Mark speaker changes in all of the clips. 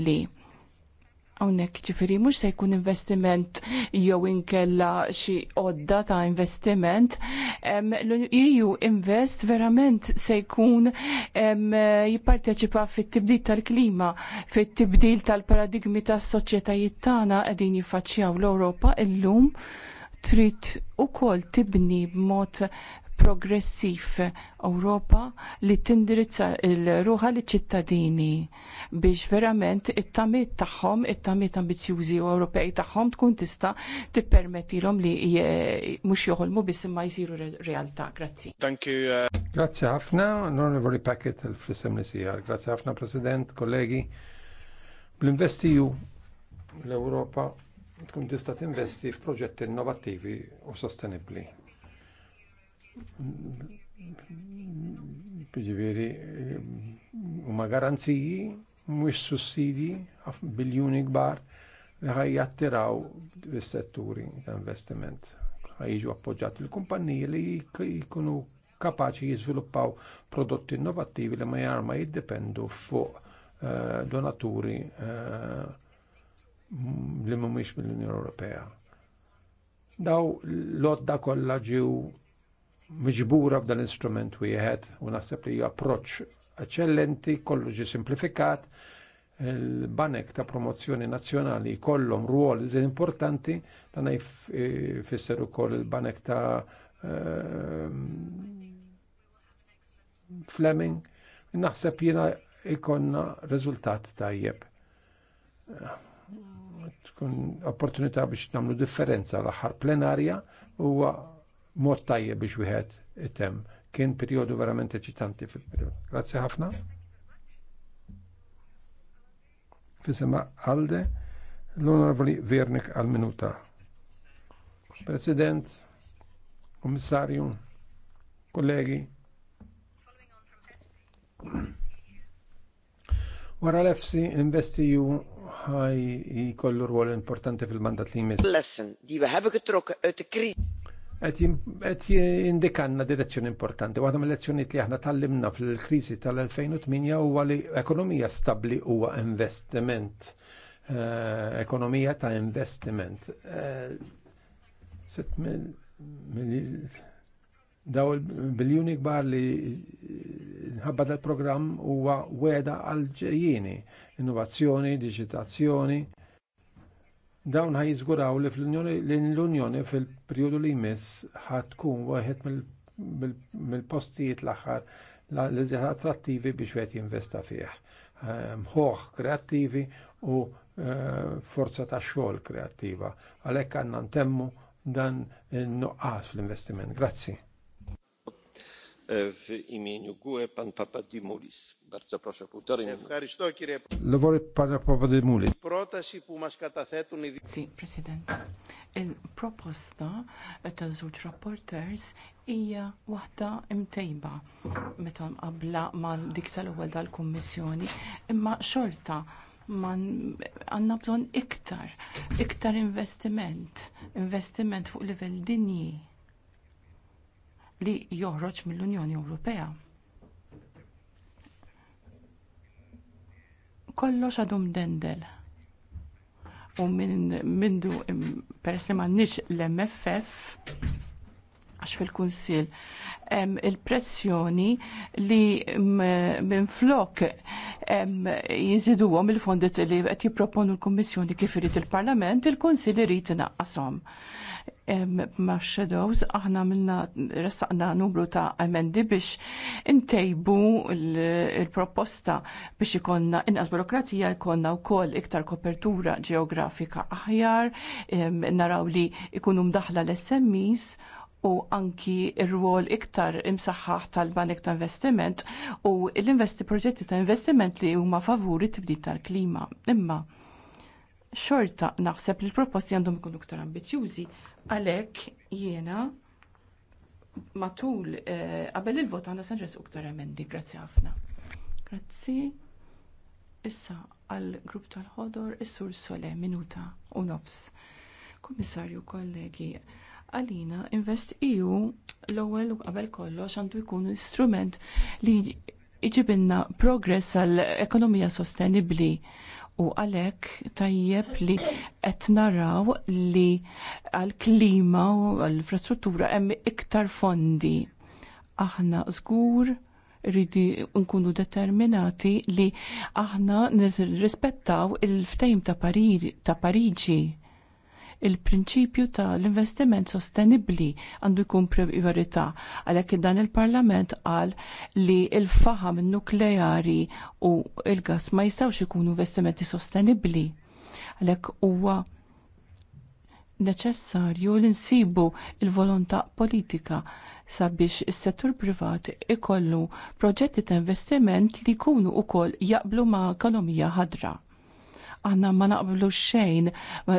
Speaker 1: li Hawnhekk ġifiri mhux se jkun investiment jew inkella xi odda ta' investiment, EU Invest verament se jkun jipparteċipa fit-tibdil tal-klima, fit-tibdil tal-paradigmi tas-soċjetajiet tagħna qegħdin jiffaċċjaw l-Ewropa illum trid ukoll tibni b'mod progressiv Ewropa li tindirizza l-ruħa li ċittadini biex verament it-tamit tagħhom, it-tamit ambizjużi u Ewropej tagħhom tkun tista' tippermettilhom li mhux joħolmu biss imma jsiru realtà. Grazzi.
Speaker 2: Thank you. Uh, Grazzi ħafna, Honorable Packet l fisem li Grazzi ħafna, President, kollegi. Bl-investiju l-Ewropa tkun tista' tinvesti f'proġetti innovattivi u sostenibbli. Ġiviri, u ma garanziji, mhux sussidi biljuni kbar li għaj jattiraw fis-setturi ta' investiment. Għaj Ħajġu appoġġat il-kumpanniji li jikunu kapaċi jizviluppaw prodotti innovativi li ma jarma jiddependu fuq eh, donaturi eh, li mhumiex mill-Unjoni Ewropea. Daw l-odda kollha ġew miġbura f'dan l-instrument wieħed u naħseb li approċċ eċċellenti, kollu ġi simplifikat, il-banek ta' promozzjoni nazzjonali kollom ruol iżin importanti, dan jfisser ukoll il-banek ta' ehm, Fleming, naħseb jiena ikonna rezultat tajjeb. Tkun opportunità biex nagħmlu differenza l-aħħar plenarja huwa mod tajje biex wieħed item. Kien periodu verament eċitanti fil periodu Grazzi ħafna. Fisema għalde l-onorevoli Vernik għal-minuta. President, komissarju, kollegi. Wara l-EFSI, investi ju ħaj jikollu rwol importanti fil-mandat li jmiss.
Speaker 3: Lesson, die we hebben getrokken uit de
Speaker 2: qed jindikanna direzzjoni importanti. Waħda mill-lezzjonijiet li aħna tallimna fil-kriżi tal-2008 huwa li ekonomija stabbli huwa investiment. Eh, ekonomija ta' investiment. Eh, sitt daw il-biljuni kbar li nħabba dal-programm huwa weda għal ġejjini innovazzjoni, digitazzjoni, Dawn ħaj li l-Unjoni fil-perjodu li jmiss ħatkun waħed mill-postijiet l-aħħar li ziħ attrattivi biex wieħed jinvesta fih. Mħoħ ehm, kreattivi u eh, forza ta' xogħol kreattiva. Għalhekk għandna ntemmu dan nuqqas fl-investiment. Grazzi. E, e, Πρόταση που μας καταθέτουν οι...
Speaker 1: Il-proposta ta' żewġ rapporters hija waħda imtejba meta mqabbla mal dik tal-ewwel tal-Kummissjoni, imma xorta man għandna bżonn iktar, iktar investiment, investiment fuq livell dinji li joħroġ mill-Unjoni Ewropea. Kollox għadhom dendel. U minn mindu peress li m'għandniex l-MFF għax fil-Kunsil il-pressjoni li minn flok jinżiduhom il-fondit li qed jipproponu l-Kummissjoni kif irid il-Parlament, il-Kunsil irid inaqqashom ma' shadows aħna minna ressaqna numru ta' emendi biex intejbu il-proposta biex ikonna inqas burokratija ikonna wkoll iktar kopertura ġeografika aħjar naraw li ikunu mdaħla l-SMEs u anki ir-rwol iktar imsaħħaħ tal-banek ta' investiment u l-investi proġetti ta' investiment li huma favuri tibdi tal-klima. Imma xorta naħseb li l-proposti għandhom ikunu iktar ambizjużi għalhekk jiena matul eh, qabel il-vot għandna se nresqu iktar emendi. Grazzi ħafna. Grazzi. Issa għall grupp tal-ħodor is-sur Sole minuta u nofs. Kummissarju kollegi, għalina Invest EU l-ewwel u qabel kollox għandu jkun strument li jġibinna progress għall ekonomija sostenibbli u għalhekk tajjeb li qed naraw li għall-klima u għal infrastruttura hemm iktar fondi. Aħna żgur ridi nkunu determinati li aħna nirrispettaw il-ftejm ta' Pariġi il-prinċipju ta' l-investiment sostenibli għandu jkun priorità għalhekk dan il-Parlament qal li l faħam nukleari u l gas ma jistgħux ikunu investimenti sostenibbli. Għalhekk huwa neċessarju li nsibu l volontà politika sabiex is-settur privat ikollu proġetti ta' investiment li jkunu wkoll jaqblu ma' ekonomija ħadra Aħna ma naqblu xejn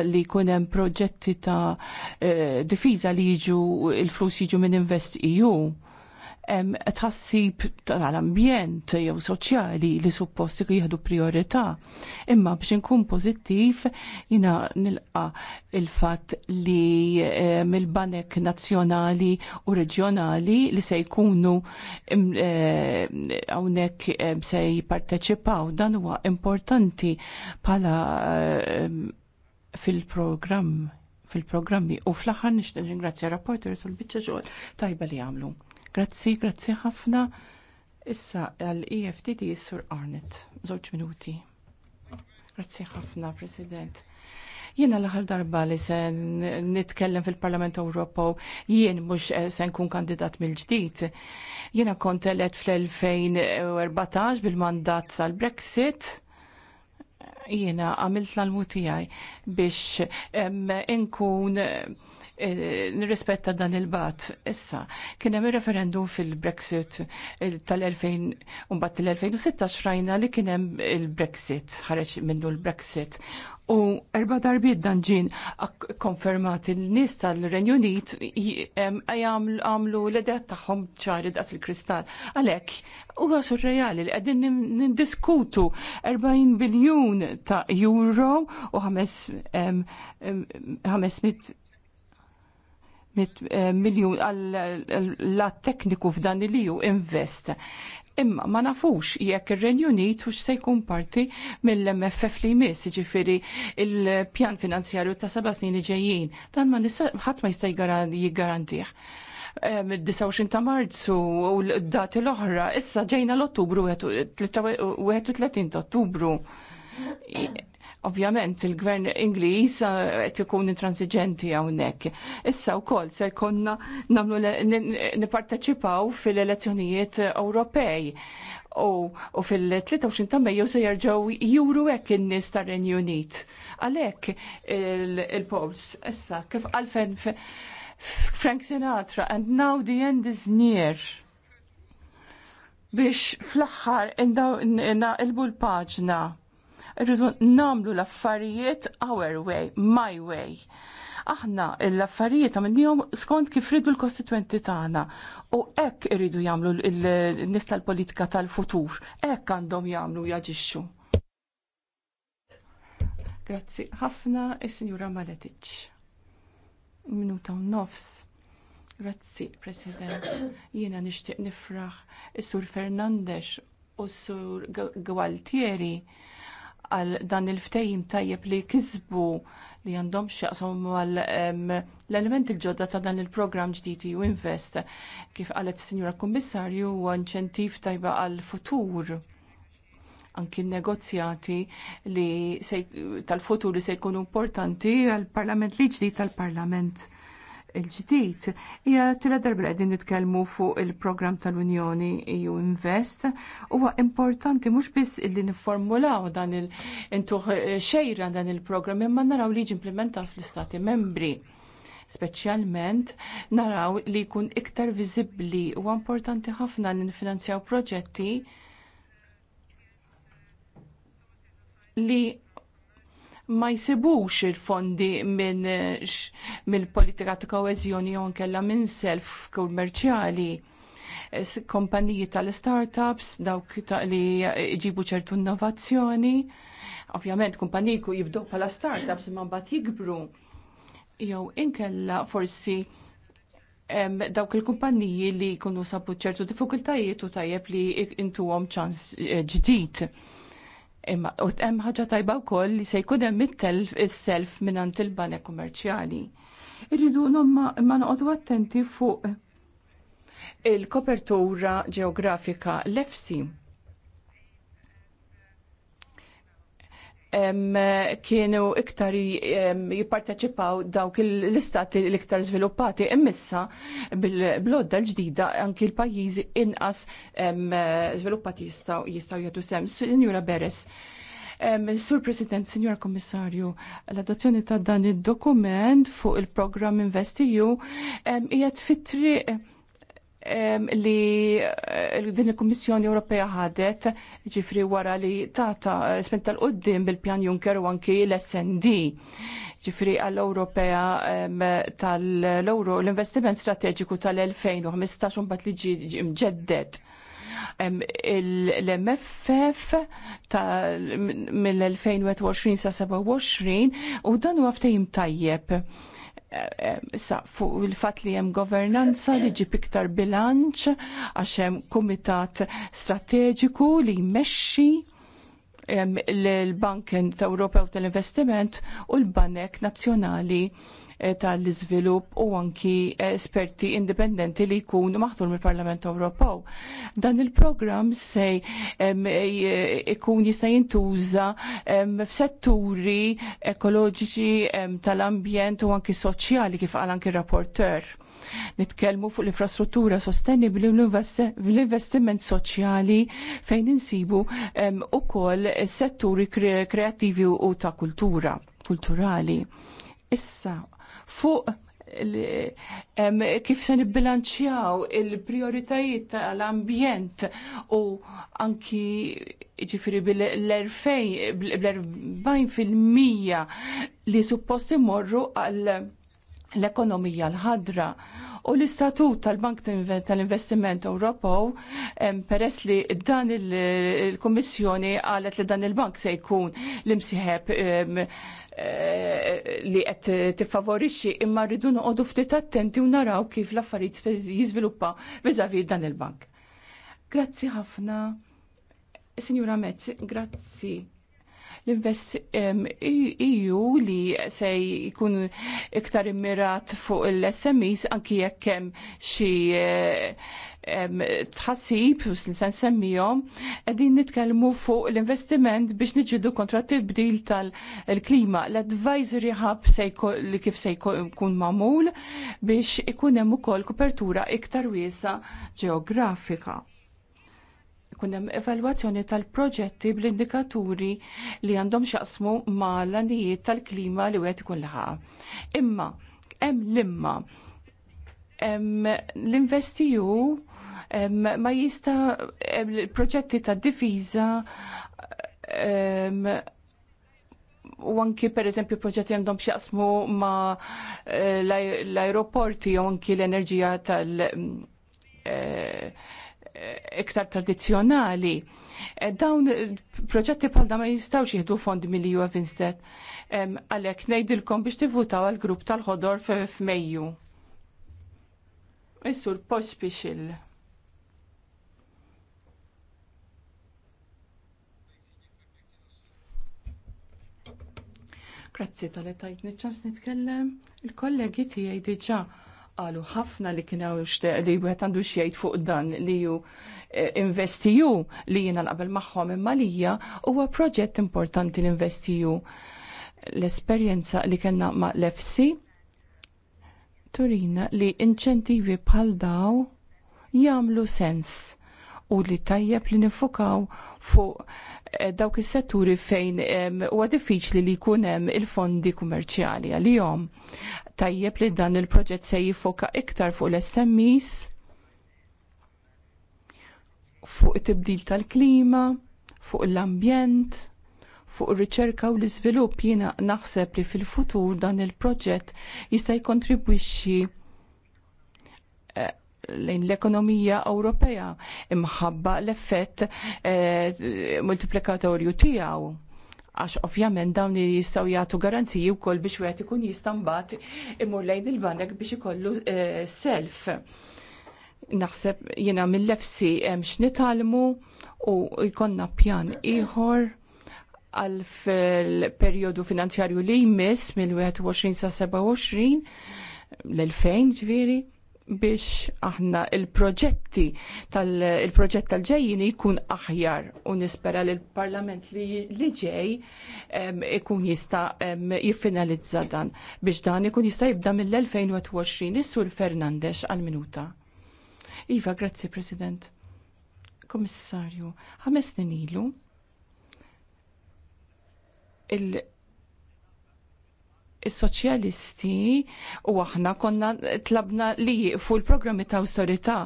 Speaker 1: li jkun hemm proġetti ta' eh, difiza li jiġu il-flus jiġu minn Invest EU tħassib tal-ambjent jew soċjali li supposti jieħdu priorità. Imma biex inkun pożittiv jina nilqa il-fatt li mill-banek nazzjonali u reġjonali li se jkunu eh, hawnhekk se jipparteċipaw dan huwa importanti bħala fil-programm fil-programmi u fl-aħħar nixtieq ringrazzja rapporters u l-biċċa xogħol tajba li għamlu. Grazzi, grazzi ħafna. Issa għal-EFTD Sur Arnett, żewġ minuti. Grazzi ħafna, President. Jiena l-aħħar darba li se nitkellem fil-Parlament Ewropew jien mhux eh, se nkun kandidat mill-ġdid. Jiena kont elett fl-2014 bil-mandat tal-Brexit jiena għamilt l mutijaj tiegħi biex inkun Eh, nirrispetta dan il-bat. Issa, kien hemm referendum fil-Brexit tal-2000 u bat tal-2016 rajna li kien hemm il-Brexit, ħareġ minnu l-Brexit. U erba darbiet dan ġin konfermat il-nies tal-Renju Unit għamlu l-edet tagħhom ċari daqs il-kristall. Għalhekk huwa surreali li qegħdin nindiskutu 40 biljun ta' euro u 500 Eh, miljun għall-lat eh, tekniku f'dan li ju invest. Imma ma nafux jekk ir-Renju Unit hux se jkun parti mill-MFF li jmiss, ġifiri il-pjan finanzjarju ta' seba' snin ġejjin. Dan ma ħadd ma jista' jiggarantih. Mid-29 ta' Marzu u l dati l-oħra, issa ġejna l-Ottubru 31 ta' Ottubru. Ovvjament il-gvern Ingliż eh, qed ikun intransiġenti hawnhekk. Issa wkoll se jkollna nagħmlu nipparteċipaw fil-elezzjonijiet Ewropej u, fil-23 ta' Mejju se jerġgħu juru hekk in-nies tar-Renju Unit. Għalhekk il-Pols issa kif għalfen Frank Sinatra and now the end is near biex fl-axħar il-bu paġna Irridu namlu l-affarijiet our way, my way. Aħna l-affarijiet għamilnijom skont kif ridu l-kostituenti tagħna u hekk irridu jagħmlu l nista l politika tal-futur, hekk għandhom jagħmlu jaġixxu. Grazzi ħafna is-Sinjura Maletic. Minuta un nofs. Grazzi, President. Jiena nixtieq nifraħ is-Sur Fernandez u s-Sur Gualtieri għal dan il-ftejim tajjeb li kisbu li għandhom xaqsom għal l-element il-ġodda ta' dan il-program ġditi u invest kif għalet signora kommissarju u inċentiv tajba għal futur anki negozjati li tal-futur li se jkunu importanti għal-parlament li ġdid tal-parlament il-ġdid. Hija tila darba qegħdin nitkellmu fuq il-programm tal-Unjoni EU Invest. Huwa importanti mhux biss illi nifformulaw dan il intuħ eh, xejra dan il-programm imma naraw li ġimplementa fl-istati membri speċjalment naraw li jkun iktar viżibbli u importanti ħafna li nfinanzjaw proġetti li ma jsibux il-fondi minn eh, mill-politika ta' koezjoni jew nkella minn self kummerċjali. Kompaniji tal-startups dawk li jġibu ċertu innovazzjoni. Ovvjament kumpaniji ku jibdu bħala startups ma mbagħad jikbru. Jew inkella forsi dawk il-kumpaniji li jkunu sabu ċertu diffikultajiet u tajjeb li intuhom ċans eh, ġdid. Imma hemm ħaġa tajba wkoll li se jkun hemm it-telf is-self mingħand il-banek kummerċjali. Irridu imma noqogħdu attenti fuq il-kopertura ġeografika l-efsi kienu iktar jipparteċipaw dawk l-istati l-iktar sviluppati immissa bil-blodda l-ġdida anki l-pajjiżi inqas sviluppati jistaw jgħatu sem. Sinjura Beres, Sur President, Signor Kommissarju, l-adozzjoni ta' dan il-dokument fuq il-program InvestEU jgħat fit-triq Eh, li din il-Kummissjoni Ewropea ħadet ġifri wara li tata eh, spent tal-qoddim bil-pjan Juncker u anki l-SND ġifri għall-Ewropea tal-Euro l-investiment strateġiku tal-2015 un bat li ġi mġeddet l-MFF mill-2021 sa 27 u dan huwa għaftajim tajjeb Sa fuq il-fat li hemm governanza li ġib iktar bilanċ għax hemm kumitat strateġiku li jmexxi l-Bank Ewropew tal-Investiment u l-Banek Nazzjonali Eh, tal-iżvilupp u anki esperti indipendenti li jkunu maħtur mill-Parlament Ewropew. Dan il-programm se eh, ikun jista' jintuża f'setturi ekoloġiċi tal-ambjent u anki soċjali kif qal anki rapporter. Nitkellmu fuq l-infrastruttura sostenibli u l-investiment soċjali fejn insibu ukoll setturi kreattivi u ta' kultura, kulturali. Issa, fuq kif se nibbilanċjaw il-prioritajiet tal-ambjent u anki ġifiri bil fil-mija li suppost imorru għal l-ekonomija l-ħadra u l-istatut tal-Bank tal-Investiment Ewropew peress li dan il-Kummissjoni qalet li dan il-bank se jkun l-imsieħeb eh, li qed tiffavorixxi imma rridu noqogħdu ftit attenti u naraw kif l-affarijiet jiżviluppa viżavi dan il-bank. Grazzi ħafna. Signora Mezzi, grazzi l-invest EU e li se jkun iktar immirat fuq l-SMEs anki jekk hemm xi eh, tħassib u s se semmijom, għedin nitkelmu fuq l-investiment biex nġidu kontra t-tibdil tal-klima. L-advisory hub li kif se jkun mamul biex ikun hemm ukoll kopertura iktar wiesa ġeografika. Kun hemm evalwazzjoni tal-proġetti bl-indikaturi li għandhom xaqsmu mal-anijiet tal-klima li wieħed kullħa. Imma hemm l l-investiju ma jista proġetti ta' difiża u anki per eżempju proġetti għandhom xjaqsmu ma eh, l-aeroporti u anki l-enerġija tal- eh, iktar tradizjonali. E, dawn proġetti pal ma jistawx jihdu fond milju Winstead. Għalek nejdilkom biex tivutaw għal-grupp tal-ħodor f'Mejju. Issur pospixil. Grazzi tal etajt tajtni nitkellem. Il-kollegi tijaj diġa Qalu ħafna li kien hawn xteq li wieħed għandu xiejt fuq dan li ju eh, investiju li jiena naqbel magħhom imma lija huwa proġett importanti li investiju l-esperjenza li kellna ma' l-FC turina li inċentivi bħal daw jagħmlu sens u li tajjeb li nifukaw fuq eh, dawk is-setturi fejn huwa diffiċli li jkun hemm il-fondi kummerċjali għalihom. Tajjeb li dan il-proġett se jifoka iktar fuq l-SMEs, fuq it-tibdil tal-klima, fuq l-ambjent, fuq ir-riċerka u l-iżvilupp jiena naħseb li fil-futur dan il-proġett jista' jkontribwixxi lejn l-ekonomija Ewropea imħabba l-effett eh, multiplikatorju tiegħu għax ovvjament dawn li jistgħu jagħtu garanziji wkoll biex wieħed ikun jista' mbagħad imur lejn il-banek biex ikollu eh, self. Naħseb jiena mill-lefsi hemm x'nitalmu u jkollna pjan ieħor għal fil perjodu finanzjarju li jmiss mill-21 sa 27 l-2000 ġviri biex aħna il-proġetti tal-proġett tal-ġejjin jkun aħjar u nispera li l-Parlament li ġej ikun jista jiffinalizza dan biex dan ikun jista jibda mill-2021 is-Sur Fernandez għal-minuta. Iva, grazzi President. Komissarju, ħames ilu il- is-soċjalisti u aħna konna tlabna li jiqfu l-programmi ta' awtorità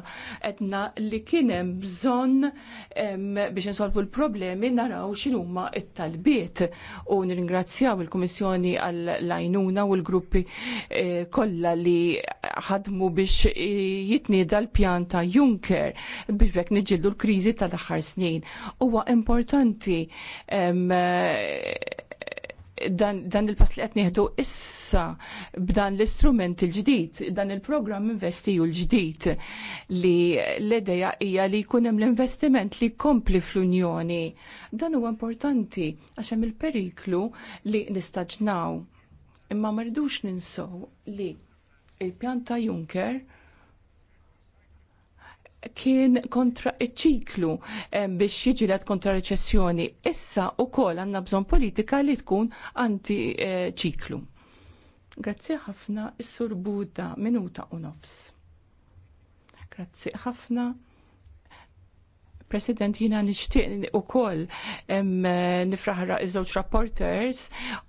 Speaker 1: etna li kien hemm bżonn biex insolvu l-problemi naraw x'inhuma t-talbiet u nirringrazzjaw il-Kummissjoni għall lajnuna u l-gruppi eh, kollha li ħadmu biex eh, jitnieda l-pjan ta' Juncker biex bekk nġildu l-kriżi ta' daħħar snin. Huwa importanti dan, dan il-pass li qed nieħdu issa b'dan l-istrument il-ġdid, dan il-programm investiju l-ġdid li l ideja hija li jkun hemm l-investiment li kompli fl-Unjoni. Dan huwa importanti għax hemm il-periklu li nistaġnaw. Imma mardux ninsow li il-pjan ta' Juncker kien kontra ċiklu eh, biex jiġilet kontra reċessjoni. Issa u kol għanna bżon politika li tkun anti ċiklu. Grazzi ħafna is-sur Buda minuta u nofs. Grazzi ħafna. President, jina nishtiq u kol nifraħra iż-żewġ rapporters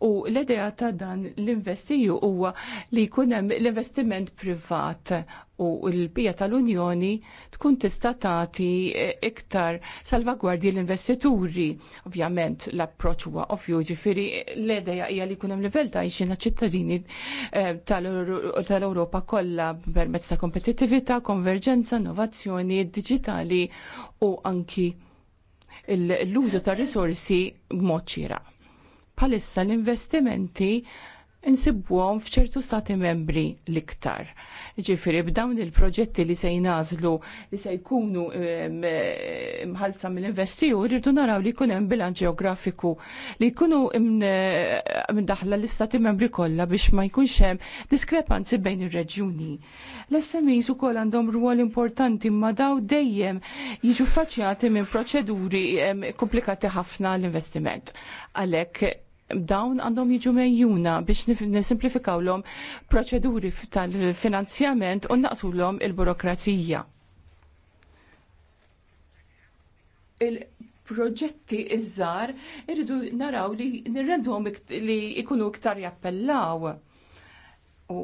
Speaker 1: u l-idea ta' dan l-investiju huwa li jkun hemm l-investiment privat u l-bija tal-Unjoni tkun tista' tagħti e, iktar salvagwardji l-investituri. Ovvjament l-approċċ huwa ovvju ġifieri l-idea hija li jkun hemm livell ta' għajxin ċittadini e, tal-Ewropa kollha permezz ta' kompetittività, konverġenza, innovazzjoni digitali u anki l-użu tar risorsi b'mod xieraq. Palissa l-investimenti insibuhom f'ċertu stati membri l-iktar. Ġifiri, b'dawn il-proġetti li se jnażlu li se jkunu mħalsa mill-investiju, rridu naraw li jkun hemm bilanċ ġeografiku li jkunu mdaħla l-istati membri kollha biex ma jkunx hemm diskrepanzi bejn ir-reġjuni. L-SMEs ukoll għandhom rwol importanti ma daw dejjem jiġu faċjati minn proċeduri komplikati ħafna l-investiment. Għalhekk dawn għandhom jiġu mejjuna biex nisimplifikaw l-om proċeduri tal-finanzjament u naqsu l-om il-burokrazija. Il-proġetti iż-żar irridu naraw li nirrendhom li ikunu iktar jappellaw. U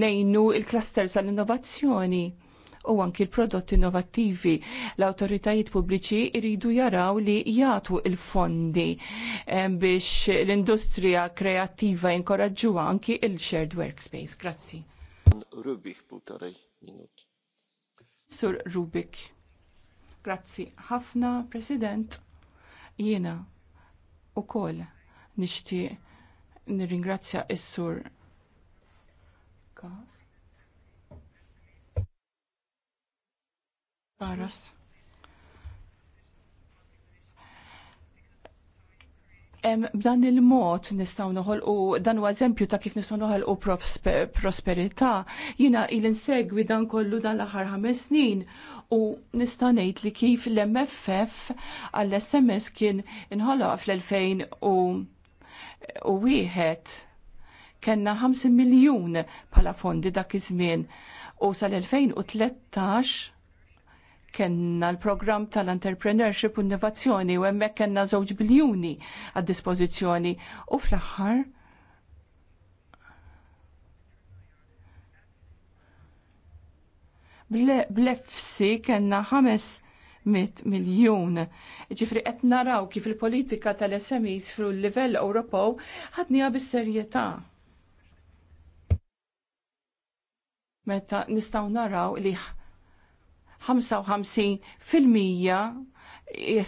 Speaker 1: nejnu il-klaster tal-innovazzjoni u anki l-prodotti innovattivi. L-autoritajiet pubbliċi iridu jaraw li jagħtu il-fondi eh, biex l-industrija kreattiva jinkoraġġuha anki il-shared workspace. Grazzi.
Speaker 2: Rubik, putarej, minut.
Speaker 1: Sur Rubik. Grazzi ħafna, President. Jiena u kol nishti nirringrazzja is-sur Kas Barras. B'dan il-mod nistgħu noħolqu dan u eżempju ta' kif nistgħu noħolqu prosperità. Jiena il insegwi dan kollu dan l-aħħar ħames snin u nista' ngħid li kif l-MFF għall-SMS kien inħoloq fl-2000 u wieħed kena 50 miljun bħala fondi dak iż-żmien u sal-2013 Kenna l-programm tal-entrepreneurship u innovazzjoni u hemmhekk kenna żewġ biljuni għad dispożizzjoni u fl-aħħar blefsi ħames 500 miljon. Ġifri qed naraw kif il-politika tal-SMEs fru l-livell Ewropew ħadniha bis-serjetà. Meta nistgħu naraw li 55%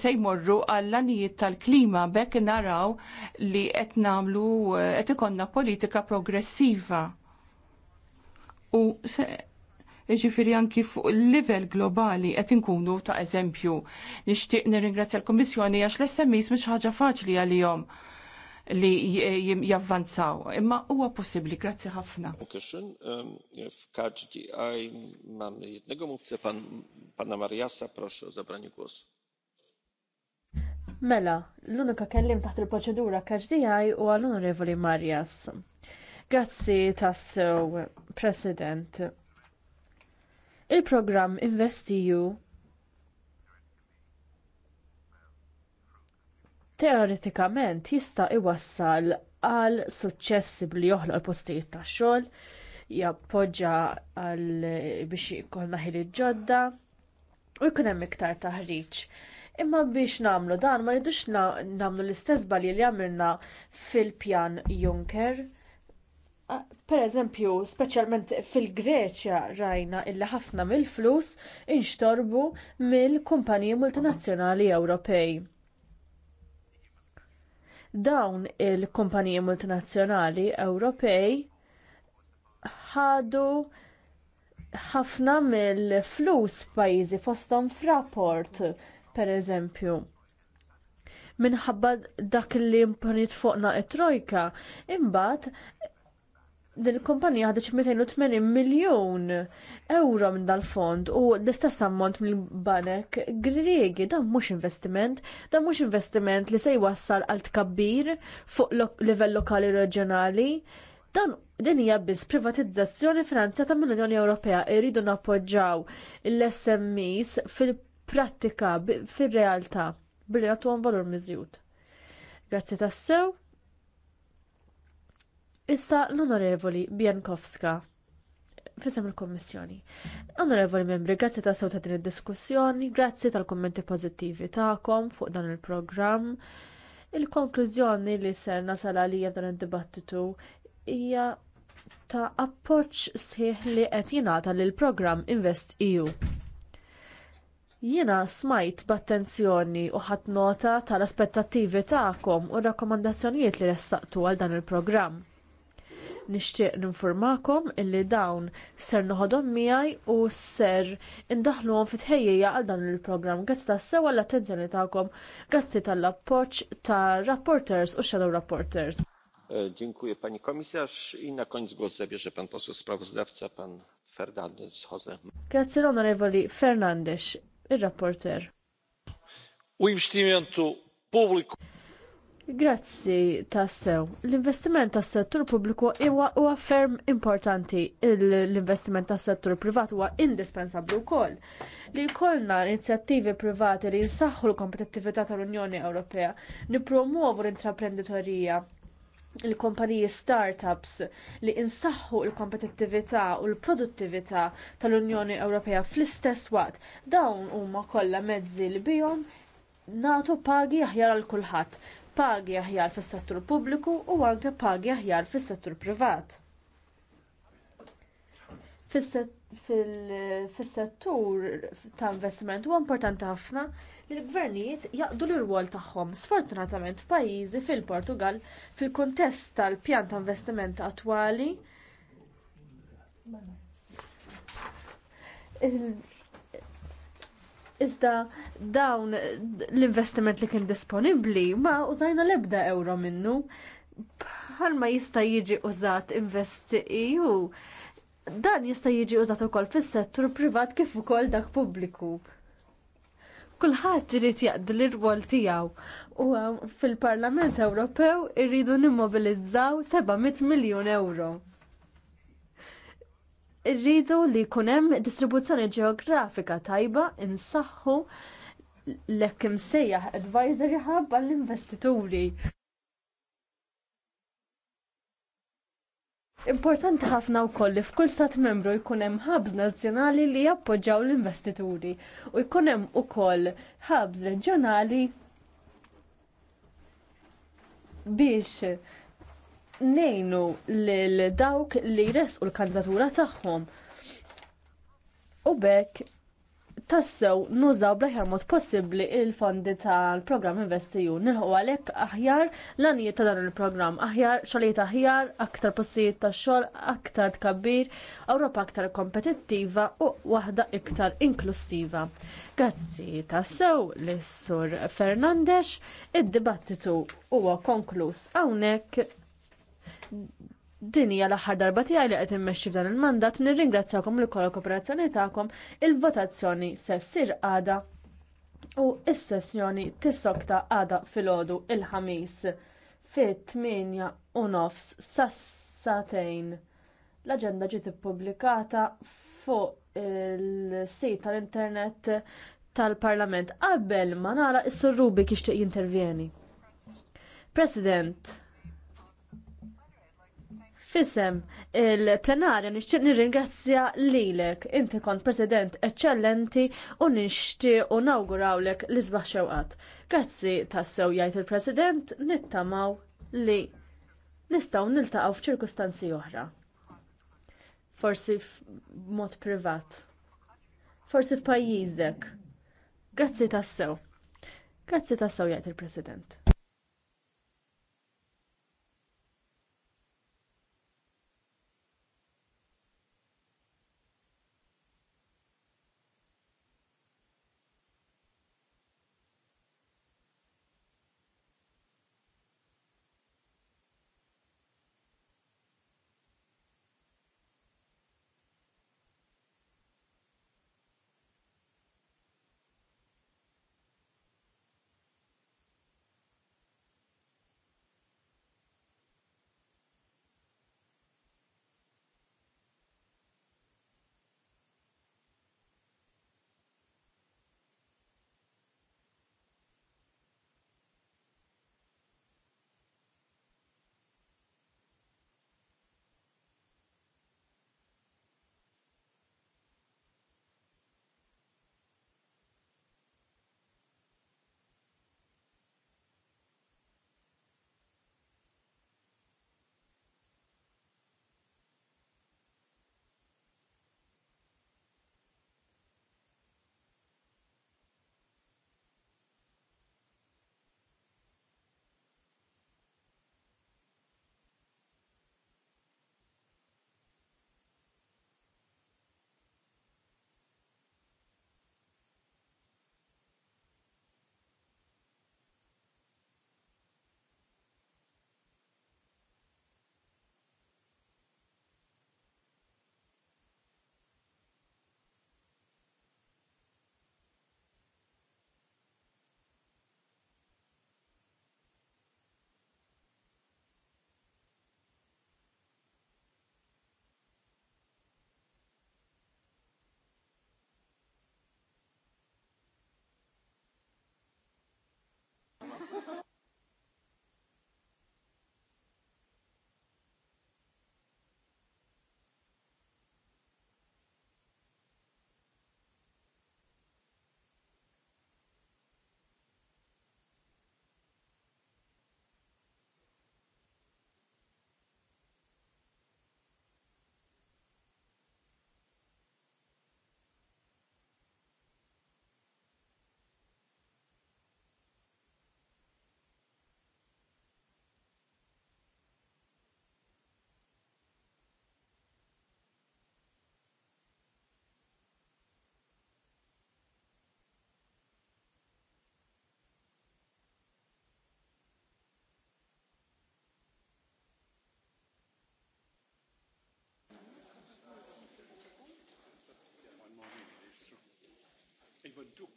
Speaker 1: se jmorru għall-anijiet tal-klima bekk naraw li qed nagħmlu qed ikonna politika progressiva. U se ġifiri anki fuq il-level globali qed inkunu ta' eżempju. Nixtieq nirringrazzja l-Kummissjoni għax l-SMIs mhix ħaġa faċli għalihom li javvanzaw. Imma huwa possibbli, grazzi ħafna.
Speaker 2: F'kaġdi għaj mamy jednego mówcę, pan, pana Mariasa, proszę o zabranie głosu.
Speaker 4: Mela, l-unika kellim taħt il-proċedura kaġdi għaj u għal-onorevoli Marjas. Grazzi tassew, President. Il-programm InvestEU teoretikament jista' iwassal għal suċċessi billi joħloq postijiet tax xogħol, jappoġġa għal biex jkollna ħili ġodda u jkun hemm iktar taħriġ. Imma biex nagħmlu dan ma rridux nagħmlu l-istess balji li għamilna fil-pjan Juncker. Per eżempju, speċjalment fil-Greċja rajna illi ħafna mill-flus inxtorbu mill-kumpaniji multinazzjonali Ewropej. Dawn il-kumpaniji multinazzjonali Ewropej ħadu ħafna mill-flus f'pajjiżi fosthom fraport, pereżempju. Minħabba dak li imponit fuqna it-trojka, imbagħad dil-kumpanija ħadet 280 miljon euro minn dal-fond u l-istess ammont mill-banek Griegi dan mhux investiment, dan mhux investiment li se jwassal għal tkabbir fuq livell lokali reġjonali. Dan din hija biss privatizzazzjoni finanzjata mill-Unjoni Ewropea jridu nappoġġaw l-SMEs fil-prattika fir-realtà billi nagħtuhom valur miżjud. Grazzi tassew. Issa l-Onorevoli Bjankowska fisem il-Kommissjoni. Onorevoli membri, grazzi ta' sew ta' din id-diskussjoni, grazzi tal-kommenti pożittivi tagħkom fuq dan il-programm. Il-konklużjoni li ser nasal għalija f'dan id-dibattitu hija ta' appoġġ sħiħ li qed jingħata lil programm Invest EU. Jiena smajt b'attenzjoni u ħadd nota tal-aspettattivi tagħkom u r rakkomandazzjonijiet li ressaqtu għal dan il-programm Nixtieq ninformakom illi dawn ser noħodhom miegħi u ser indaħluhom fit tħejjija għal dan il-programm. Grazzi tassew għall attenzjoni tagħkom, grazzi tal-appoġġ ta' rapporters u shadow rapporters.
Speaker 2: E, dziękuję pani komisarz i na koniec głos zabierze pan poseł sprawozdawca pan Fernandez Jose.
Speaker 4: Grazie l'onorevoli Fernandez, il rapporter.
Speaker 2: U investimentu pubbliku.
Speaker 4: Grazzi tassew. L-investiment tas settur pubbliku huwa ferm importanti. L-investiment tas settur privat huwa indispensabbli wkoll. Li jkollna inizjattivi privati li jinsaħħu l-kompetittività tal-Unjoni Ewropea, nippromuovu l-intraprenditorija il-kompaniji startups li insaħħu l kompetittività u l-produttività tal-Unjoni Ewropea fl-istess waqt. Dawn huma kollha mezzi li bihom nagħtu pagi aħjar għal kulħadd pagi aħjar fis-settur pubbliku u anke pagi aħjar fis-settur privat. Fis-settur ta' investiment huwa importanti ħafna li l-gvernijiet jaqdu l-irwol tagħhom. Sfortunatament f'pajjiżi fil-Portugal fil-kuntest tal-pjan ta' investiment attwali Iżda dawn l-investiment li kien disponibbli ma użajna l-ebda euro minnu bħalma jista' jiġi użat investi EU. Dan jista' jiġi użat ukoll fis-settur privat kif ukoll dak pubbliku. Kulħadd irid jaqdi l-irwol tiegħu u uh, fil-Parlament Ewropew irridu nimmobilizzaw 700 miljun euro rridu li jkun hemm distribuzzjoni ġeografika tajba insaħħu l-ekk imsejjaħ advisor jħab għall-investituri. Importanti ħafna wkoll li f'kull stat membru jkun hemm hubs nazzjonali li jappoġġaw l-investituri u jkun hemm ukoll hubs reġjonali biex nejnu lil dawk li jresqu l-kandidatura tagħhom. U bekk tassew nużaw bl mod possibbli il-fondi tal-programm Investiju. Nilħu għalhekk aħjar l-għanijiet ta' dan il-programm, aħjar xalijiet aħjar, aktar postijiet ta' xogħol, aktar tkabbir, Ewropa aktar kompetittiva u waħda iktar inklusiva. Grazzi tassew lis sur Fernandes, id-dibattitu huwa konkluż hawnhekk din hija l-aħħar darba tiegħi li qed immexxi f'dan il-mandat nirringrazzjakom li kollha kooperazzjoni tagħkom il-votazzjoni se ssir għada u s-sessjoni tissokta għada filgħodu il-ħamis fit-8 u nofs sassatejn. L-aġenda ġiet ippubblikata fuq il-sit tal-internet tal-Parlament qabel ma nara is-surrubi kixtieq jintervjeni. President, Fisem, il-plenarja nixtieq nirringrazzja lilek. Inti kont president eċċellenti u nixtieq u nawgurawlek li sbaħ xewqat. Grazzi tassew jgħid il-president nittamaw li nistgħu niltaqgħu f'ċirkustanzi oħra. Forsi f'mod privat. Forsi f'pajjiżek. Grazzi tassew. Grazzi tassew jgħid il-president.
Speaker 5: il-vodduk.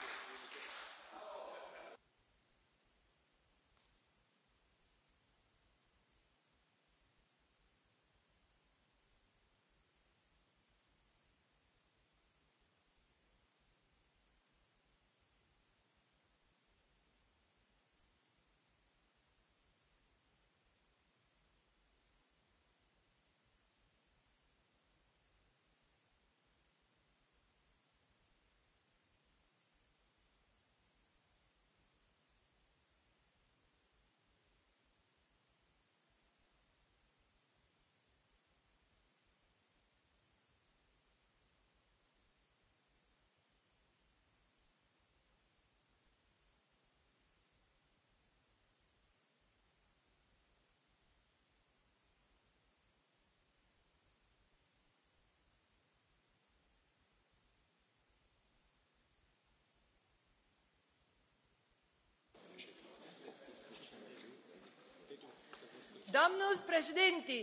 Speaker 5: Damnu
Speaker 1: l-Presidenti.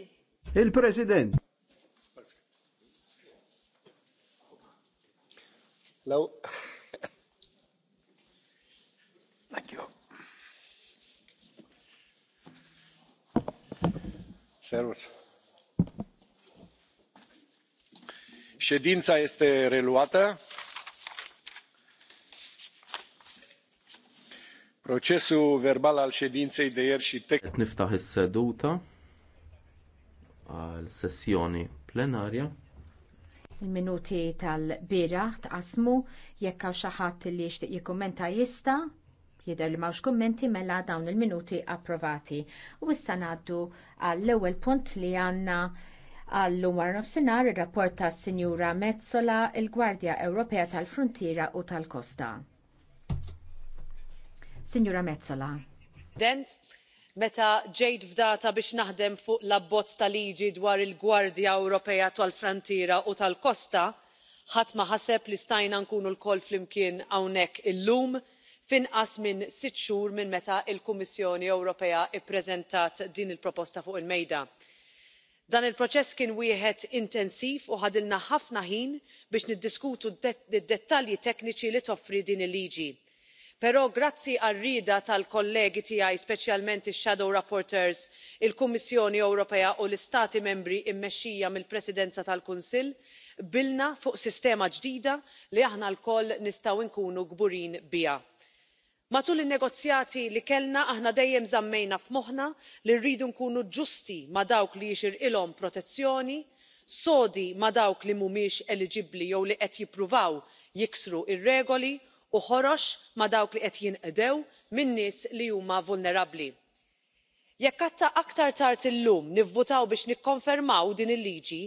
Speaker 2: Il-President. Law. Thank you. Servus. Ședința este reluată. Proċessu verbal għal xedinzej dejer xi tek. Qed
Speaker 3: niftaħ is-seduta għal sessjoni plenarja.
Speaker 6: Il-minuti tal-bira tqasmu jekk hawn xi ħadd li jixtieq jikommenta jista' jidher li mawx kummenti mela dawn il-minuti approvati. U issa ngħaddu għall-ewwel punt li għandna għall-lum mar nofsinhar ir-rapport tas-Sinjura Mezzola, il-Gwardja Ewropea tal-Frontiera u tal-Kosta. Signora Mezzola.
Speaker 5: Dent, meta ġejt fdata biex naħdem fuq l-abbozz ta' liġi dwar il-Gwardja Ewropea tal-Frontiera u tal-Kosta, ħadd ma ħaseb li stajna nkunu lkoll flimkien hawnhekk illum f'inqas minn sitt xhur minn meta l-kummissjoni ewropea ppreżentat din il-proposta fuq il-mejda. dan il-proċess kien wieħed intensiv u ħadilna ħafna ħin biex niddiskutu d-dettalji tekniċi li toffri din il-liġi però grazzi għar rieda tal kollegi tiegħi speċjalment ix-shadow rapporteurs il kummissjoni ewropea u l istati membri mmexxija mill presidenza tal kunsill bilna fuq sistema ġdida li aħna lkoll nistgħu nkunu kburin biha matul in negozjati li kellna aħna dejjem żammejna f'moħħna li rridu nkunu ġusti ma' dawk li jixirqilhom protezzjoni sodi ma' dawk li mhumiex eliġibbli jew li qed jippruvaw jiksru r regoli u ħorox ma' dawk li qed jinqdew minn nies li huma vulnerabbli. jekk għadha aktar tard illum nivvutaw biex nikkonfermaw din il-liġi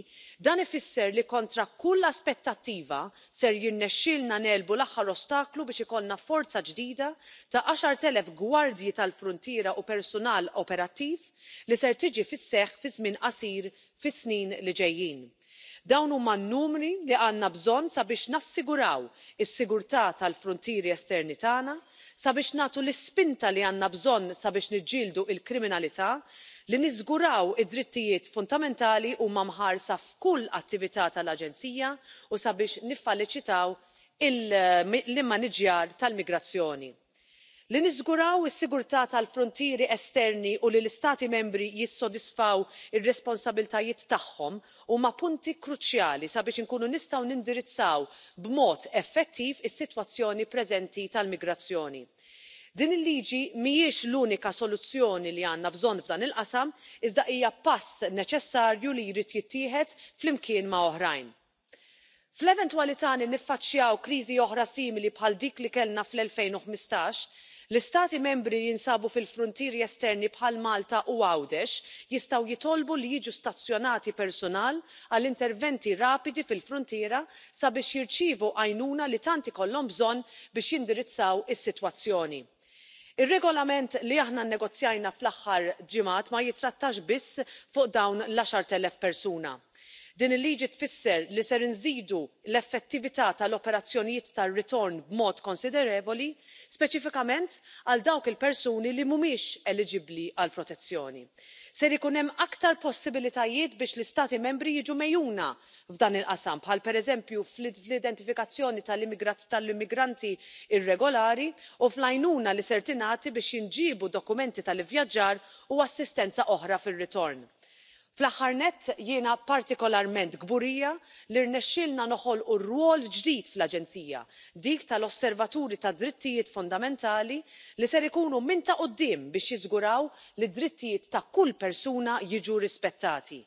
Speaker 5: dan ifisser li kontra kull aspettattiva ser jirnexxielna nelbu l-aħħar ostaklu biex ikollna forza ġdida ta' għaxar telef gwardji tal-fruntiera u personal operattiv li ser tiġi fis seħħ fi żmien qasir fis-snin li ġejjin dawn huma n-numri li għandna bżonn sabiex nassiguraw is-sigurtà tal-fruntieri esterni tagħna sabiex nagħtu l-ispinta li għandna bżonn sabiex niġġieldu l-kriminalità li niżguraw id-drittijiet fundamentali huma mħarsa f'kull attività tal-aġenzija u sabiex niffaċilitaw l-immaniġġjar tal migrazzjoni li niżguraw is-sigurtà tal-fruntieri esterni u li l-istati membri jissodisfaw ir-responsabbiltajiet tagħhom huma punti kruċjali sabiex inkunu nistgħu nindirizzaw b'mod effettiv is-sitwazzjoni preżenti tal-migrazzjoni. din il-liġi mhijiex l-unika soluzzjoni li għandna bżonn f'dan il-qasam iżda hija pass neċessarju li jrid jittieħed flimkien ma' oħrajn. fl-eventwalità li niffaċċjaw kriżi oħra simili bħal dik li kellna fl 2015 l istati membri li jinsabu fil fruntieri esterni bħal malta u għawdex jistgħu jitolbu li jiġu stazzjonati personal għal interventi rapidi fil fruntiera sabiex jirċievu għajnuna li tant ikollhom bżonn biex jindirizzaw is-sitwazzjoni. ir regolament li aħna nnegozjajna fl aħħar ġimgħat ma jitrattax biss fuq dawn l għaxar elef persuna din il-liġi tfisser li ser inżidu l-effettività tal-operazzjonijiet tar-ritorn b'mod konsidervoli speċifikament għal dawk il-persuni li mhumiex eliġibbli għal protezzjoni. ser ikun hemm aktar possibbiltajiet biex l-istati membri jiġu mejjuna f'dan il-qasam bħal pereżempju fl-identifikazzjoni tal-immigranti irregolari u fl-għajnuna li ser tingħati biex jinġiebu dokumenti tal ivvjaġġar u assistenza oħra fir ritorn fl aħħar nett jiena partikolarment kburija li rnexxielna noħolqu rwol ġdid fl-aġenzija dik tal-osservaturi tad-drittijiet fundamentali li ser ikunu minn ta' quddiem biex jiżguraw li d-drittijiet ta' kull persuna jiġu rispettati.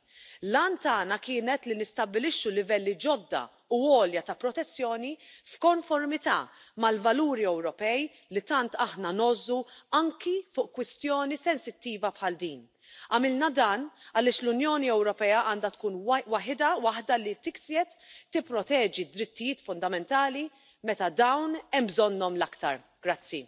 Speaker 5: lan tagħna kienet li nistabbilixxu livelli ġodda u għolja ta' protezzjoni f'konformità mal-valuri ewropej li tant aħna nogħżu anki fuq kwistjoni sensittiva bħal din għamilna dan għaliex l-unjoni ewropea għandha tkun waħda waħda li tikseb tipproteġi d-drittijiet fundamentali meta dawn hemm bżonnhom l aktar. grazzi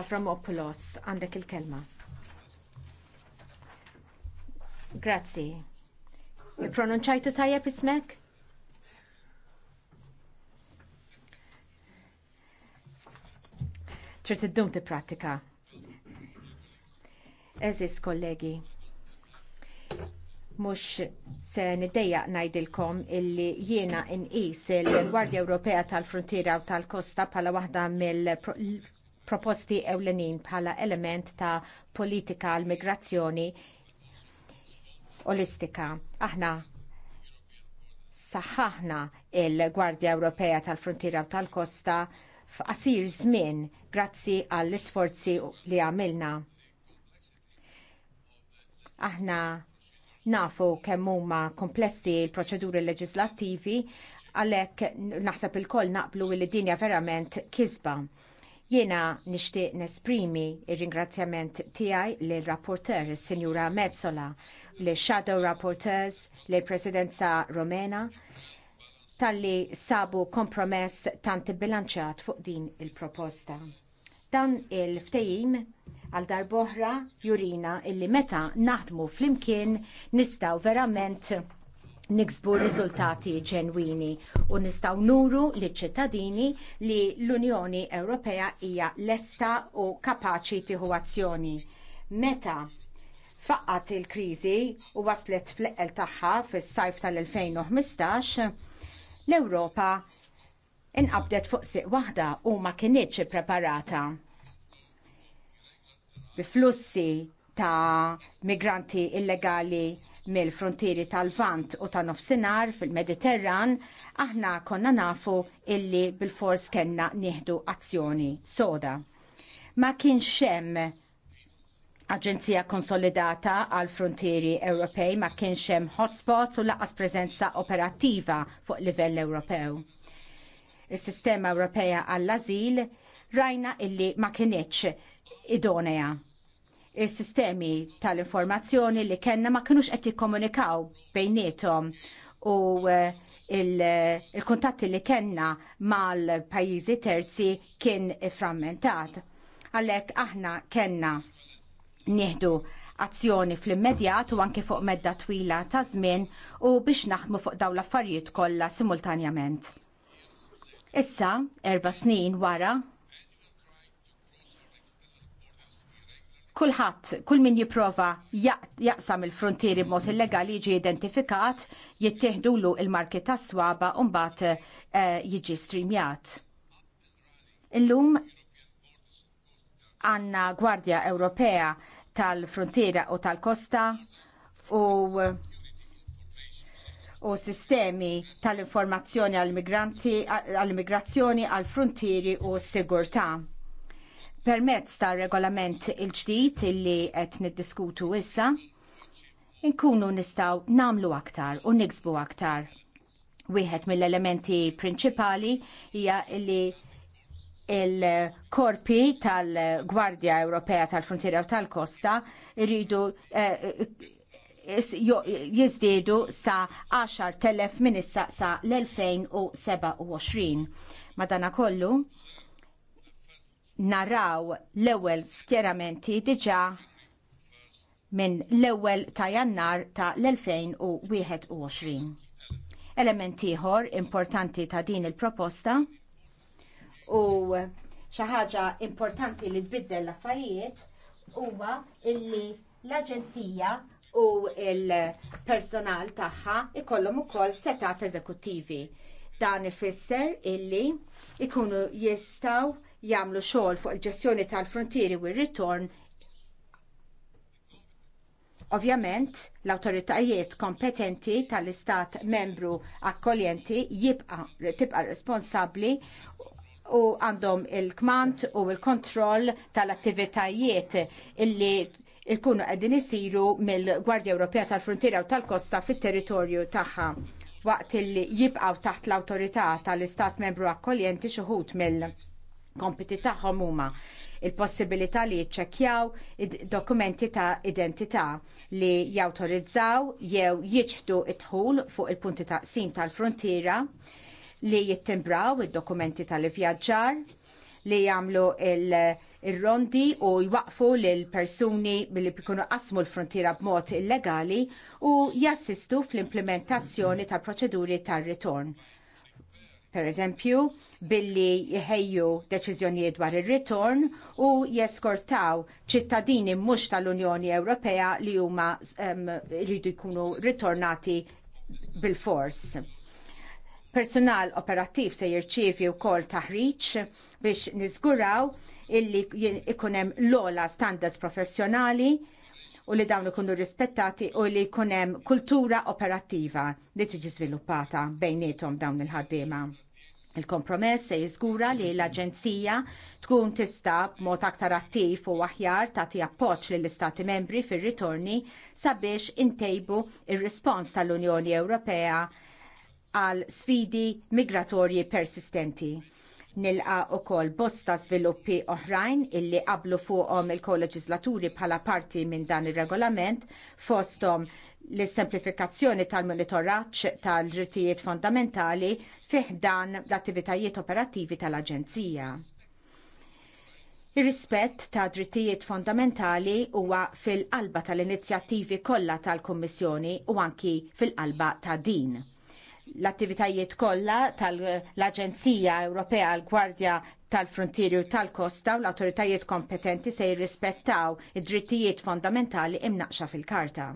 Speaker 6: avramopoulos għandek il-kelma. Grazzi. tajjeb ismek? trid iddum tipprattika. Eżis kollegi, mhux se niddejjaq ngħidilkom illi jiena inqis il-Gwardja Ewropea tal-Frontiera u tal-Kosta bħala waħda mill-proposti ewlenin bħala element ta' politika għall migrazzjoni olistika. Aħna saħħaħna il-Gwardja Ewropea tal-Frontiera u tal-Kosta f'qasir żmien grazzi għall-isforzi li għamilna. Aħna nafu kemm huma komplessi l-proċeduri leġislattivi għalhekk naħseb il-koll naqblu li dinja verament kisba. Jiena nixtieq nesprimi r ringrazzjament tiegħi lill rapporteur is-Sinjura Mezzola, lill shadow rapporteurs, lill presidenza Romena, tal-li sabu kompromess tant bilanċat fuq din il-proposta. Dan il-ftejim għal darboħra jurina illi meta naħdmu flimkien nistaw verament niksbu riżultati ġenwini u nistaw nuru li ċittadini li l-Unjoni Ewropea hija lesta u kapaċi tieħu azzjoni. Meta faqqat il-kriżi u waslet fl-eqel tagħha fis-sajf tal-2015, l-Ewropa inqabdet fuq siq waħda u ma kienieċ preparata bi flussi ta' migranti illegali mill-frontieri tal-Vant u ta' nofsinar fil-Mediterran, aħna konna nafu illi bil-fors kenna nieħdu azzjoni soda. Ma kienx hemm Aġenzija konsolidata għal frontieri Ewropej ma kienx hemm hotspots u laqas preżenza operattiva fuq livell Ewropew. Is-sistema Ewropea għall ażil rajna illi ma kinitx idonea is sistemi tal-informazzjoni li kellna ma kinux qed jikkomunikaw bejniethom u il-kuntatti eh, il li kellna mal-pajjiżi terzi kien frammentat. Għalhekk aħna kellna nieħdu azzjoni fl-immedjat u anke fuq medda twila ta' żmien u biex naħdmu fuq dawn l-affarijiet kollha simultanjament. Issa, erba' snin wara, kulħadd, kull min jipprova jaqsam il-frontieri b'mod illegali jiġi identifikat, jittieħdulu il-marki tas swaba u mbagħad eh, jiġi streamjat. Illum għanna Gwardja Ewropea tal-Frontiera u tal-Kosta u u sistemi tal-informazzjoni għall-immigrazzjoni għall-frontieri u s-sigurtà. Permezz tar regolament il-ġdid illi qed niddiskutu issa, inkunu nistaw namlu aktar u niksbu aktar. Wieħed mill-elementi prinċipali hija li il-korpi tal-Gwardja Ewropea tal-Frontiera u tal-Kosta rridu eh, jizdedu sa 10.000 min issa sa l-2027. Madana kollu, naraw l-ewwel skjeramenti diġà minn l-ewwel ta' jannar ta' l-2021. Element importanti ta' din il-proposta u xi ħaġa importanti li tbiddel l-affarijiet huwa illi l-aġenzija u l personal tagħha ikollhom ukoll setat eżekuttivi. Dan ifisser illi ikunu jistgħu jagħmlu xogħol fuq il-ġestjoni tal-frontieri u r-ritorn Ovvjament, l-autoritajiet kompetenti tal-istat membru akkoljenti jibqa tibqa responsabbli u għandhom il-kmant u l kontroll tal-attivitajiet illi ikunu għedin isiru mill-Gwardja Ewropea tal-Frontiera u tal-Kosta fit-territorju tagħha waqt illi jibqaw taħt l-autorità tal-Istat membru akkoljenti xuħut mill-kompiti tagħhom huma il-possibilità li jiċċekkjaw dokumenti ta' identità li jawtorizzaw jew jiġħdu id dħul fuq il-punti taqsim tal-frontiera li jittimbraw id-dokumenti tal-vjaġġar li jagħmlu il-rondi u jwaqfu lil persuni billi bikunu qasmu l-frontiera b'mod illegali u jassistu fl-implementazzjoni tal proċeduri tar-ritorn. Per eżempju, billi jħejju deċiżjonijiet dwar ir-ritorn u jeskortaw ċittadini mhux tal-Unjoni Ewropea li huma jridu jkunu ritornati bil-fors personal operattiv se jirċievi wkoll taħriġ biex nizguraw illi ikun hemm l-ola standards professjonali u li dawn ikunu rispettati u li jkun hemm kultura operattiva li tiġi żviluppata bejniethom dawn il-ħaddiema. Il-kompromess se jiżgura li l-Aġenzija tkun tista' b'mod aktar attiv u aħjar tagħti appoġġ lill-Istati membri fir-ritorni sabiex intejbu ir-rispons tal-Unjoni Ewropea għal sfidi migratorji persistenti. Nilqa u kol bosta sviluppi oħrajn illi qablu fuqhom il-koleġislaturi bħala parti minn dan ir-regolament fostom l-semplifikazzjoni tal-monitoraċ tal-drittijiet fondamentali fiħdan l-attivitajiet operattivi tal-Aġenzija. Ir-rispett ta' drittijiet fondamentali huwa fil-qalba tal-inizjattivi kollha tal-Kummissjoni u anki fil-qalba ta' din l-attivitajiet kollha tal-Aġenzija Ewropea għall gwardja tal-Frontieri u tal-Kosta u l-autoritajiet kompetenti se jirrispettaw id-drittijiet fondamentali imnaqxa fil-karta.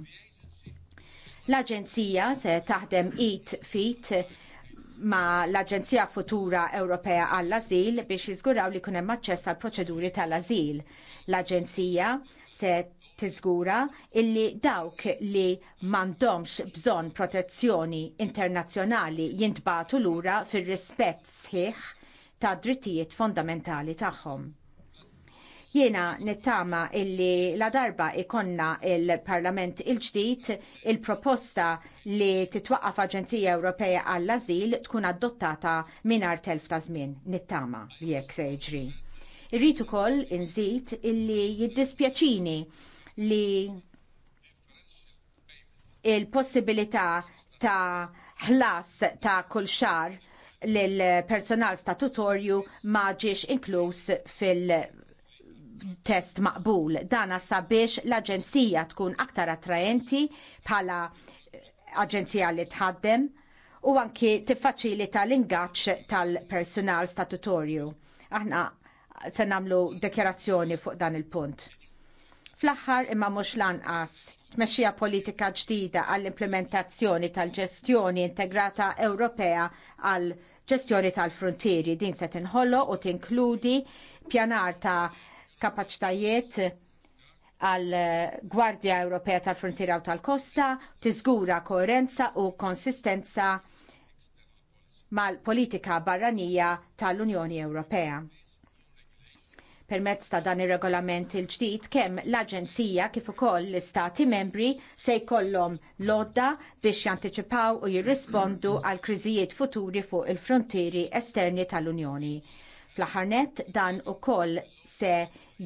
Speaker 6: L-Aġenzija se taħdem it fit ma l-Aġenzija Futura Ewropea għall ażil biex jiżguraw li jkun hemm aċċess għall proċeduri tal-azil. L-Aġenzija se tiżgura illi dawk li m'għandhomx bżonn protezzjoni internazzjonali jintbagħtu lura fir-rispett sħiħ ta' drittijiet fondamentali tagħhom. Jiena nittama illi la darba ikonna il-Parlament il-ġdid il-proposta li titwaqqaf Aġenzija Ewropea għall-Azil tkun adottata mingħajr telf ta' żmien. Nittama jekk se jiġri. Irrid ukoll inżid illi jiddispjaċini li il-possibilità ta' ħlas ta' kull xar l-personal statutorju ma ġiex inkluż fil- test maqbul. Dana sabiex l-aġenzija tkun aktar attraenti bħala aġenzija li tħaddem u anki tiffaċilita l-ingaċ tal-personal statutorju. Aħna se nagħmlu dekjerazzjoni fuq dan il-punt. Fl-aħħar imma mhux lanqas tmexxija politika ġdida għall-implementazzjoni tal-ġestjoni integrata Ewropea għal ġestjoni tal-frontieri. Din se tinħollo u tinkludi pjanar ta' kapaċitajiet għal Gwardja Ewropea tal-Frontiera u tal-Kosta tiżgura koerenza u konsistenza mal-politika barranija tal-Unjoni Ewropea. Permezz ta' dan ir-regolament il ġdid kemm l-Aġenzija kif ukoll l-Istati membri se jkollhom lodda biex jantiċipaw u jirrispondu għal kriżijiet futuri fuq il-frontieri esterni tal-Unjoni. Fl-aħħar nett dan ukoll se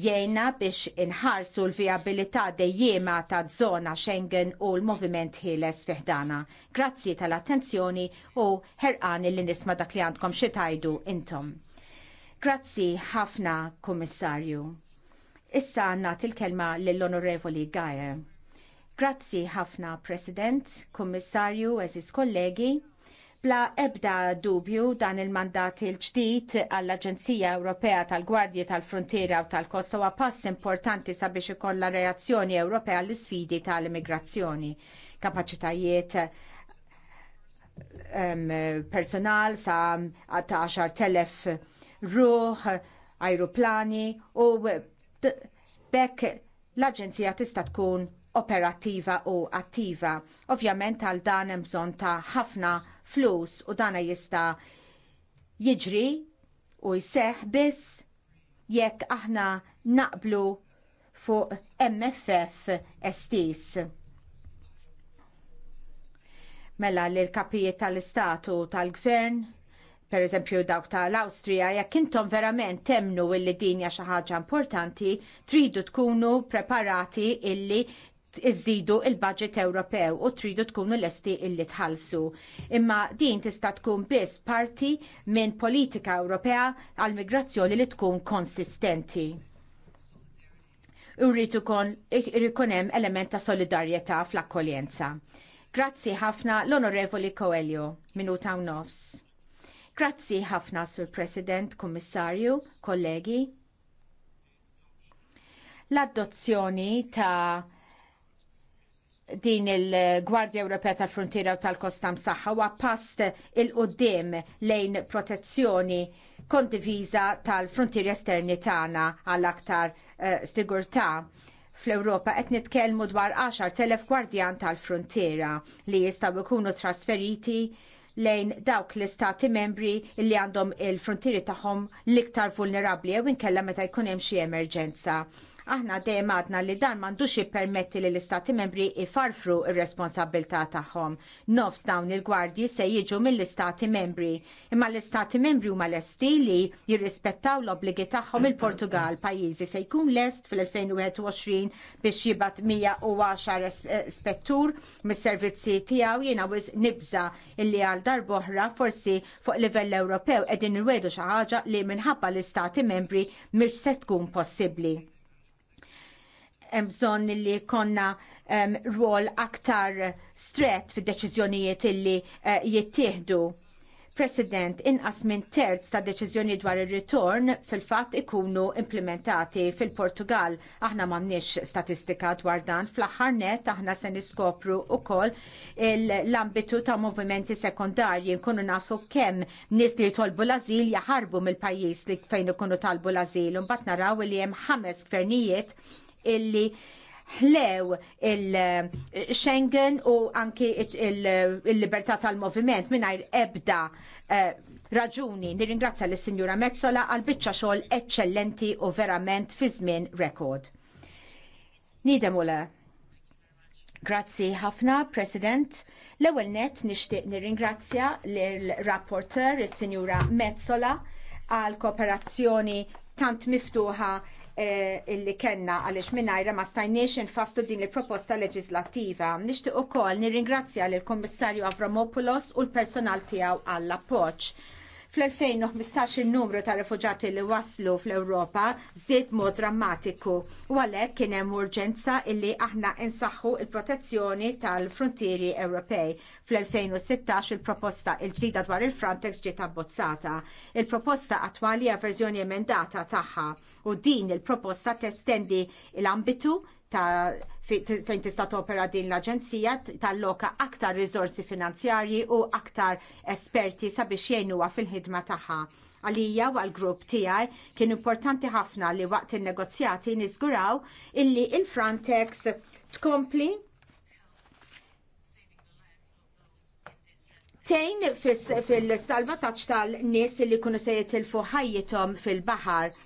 Speaker 6: jgħinna biex inħarsu l-viabilità dejjema ta' żona Schengen u l-moviment ħieles fiħdana. Grazzi tal-attenzjoni u ħerqani li nisma dak li għandkom xi tajdu intom. Grazzi ħafna, Kummissarju. Issa nagħti il-kelma lill-Onorevoli Gajer. Grazzi ħafna, President, Kummissarju, eżis kollegi. Bla ebda dubju dan il-mandat il-ġdid għall-Aġenzija Ewropea tal-Gwardji tal-Frontiera u tal huwa pass importanti sabiex ikollha reazzjoni Ewropea l isfidi tal-immigrazzjoni. Kapaċitajiet um, personal sa' 10.000 ruħ, ajruplani u bekk l-Aġenzija tista' tkun operattiva u attiva. Ovvjament għal dan hemm bżonn ta' ħafna flus u dan jista' jiġri u jseħħ biss jekk aħna naqblu fuq MFF estis. Mela l kapijiet tal-istatu tal-gvern per eżempju dawk tal-Awstrija, jekk intom verament temnu illi din hija xi ħaġa importanti, tridu tkunu preparati illi iżidu il-budget Ewropew u tridu tkunu lesti illi tħallsu. Imma din tista' tkun biss parti minn politika Ewropea għall migrazzjoni li tkun konsistenti. Urritu kon hemm element ta' solidarjetà fl-akkoljenza. Grazzi ħafna l-Onorevoli Coelho, minuta u nofs. Grazzi ħafna sur President, Kummissarju, kollegi. L-adozzjoni ta' din il-Gwardja Ewropea tal-Frontiera u tal kostam Saħħa huwa past il qudiem lejn protezzjoni kondiviża tal frontier esterni tagħna għal aktar uh, sigurtà fl-Ewropa qed nitkellmu dwar 10,000 gwardjan tal-frontiera li jistgħu jkunu trasferiti lejn dawk l-istati membri li għandhom il-frontieri tagħhom l-iktar vulnerabbli jew inkella meta jkun hemm xi emerġenza. Aħna dejjem għadna li dan m'għandux jippermetti li l-istati membri ifarfru r-responsabilità tagħhom. Nofs dawn il-gwardji se jiġu mill-istati membri, imma l-istati membri huma lesti li jirrispettaw l-obbligi tagħhom il-Portugal pajjiżi se jkun lest fil-2021 biex jibat 110 eh, spettur mis-servizzi tiegħu jiena wis nibża illi għal darboħra forsi fuq livell Ewropew qegħdin irwedu xi ħaġa li minħabba l-istati membri mhix se tkun possibbli hemm bżonn li konna um, rwol aktar stret fid-deċiżjonijiet li uh, eh, jittieħdu. President, inqas minn terz ta' deċiżjoni dwar ir-ritorn fil-fatt ikunu implementati fil-Portugal. Aħna m'għandniex statistika dwar dan fl-aħħar net aħna se niskopru wkoll l-ambitu ta' movimenti sekondarji nkunu nafu kemm nies li jtolbu l-ażil jaħarbu mill-pajjiż li fejn ikunu talbu l-ażil u mbagħad naraw li hemm ħames gvernijiet illi ħlew il-Schengen u anki il-libertà tal-moviment mingħajr ebda eh, raġuni. Nirringrazzja l sinjura Mezzola għal biċċa xogħol eċċellenti u verament fi żmien rekord. ule. Grazzi ħafna, President. L-ewwel net nixtieq nirringrazzja lill-rapporteur is-Sinjura Mezzola għal kooperazzjoni tant miftuħa Eh, illi kena għalix minnajra ma stajniex infastu din il-proposta leġislativa. Nishtiq u kol nirringrazzja l-Kommissarju Avramopoulos u l-personal tijaw għall-appoċ. Fl-2015 il-numru ta' rifugjati li waslu fl-Ewropa żdied mod drammatiku u għalhekk kien hemm urġenza illi aħna insaħħu il-protezzjoni tal-frontieri Ewropej. Fl-2016 il-proposta il-ġdida dwar il-Frontex ġiet abbozzata. Il-proposta attwali hija verżjoni emendata tagħha u din il-proposta testendi l-ambitu il ta' fejn tista' topera din l-Aġenzija talloka aktar rizorsi finanzjarji u aktar esperti sabiex jgħinuha fil-ħidma tagħha. Għalija u għal-grupp tiegħi kien importanti ħafna li waqt il negozjati niżguraw illi il-Frontex tkompli tejn fil-salvataċ tal-nies li kunu se jitilfu ħajjithom fil-bahar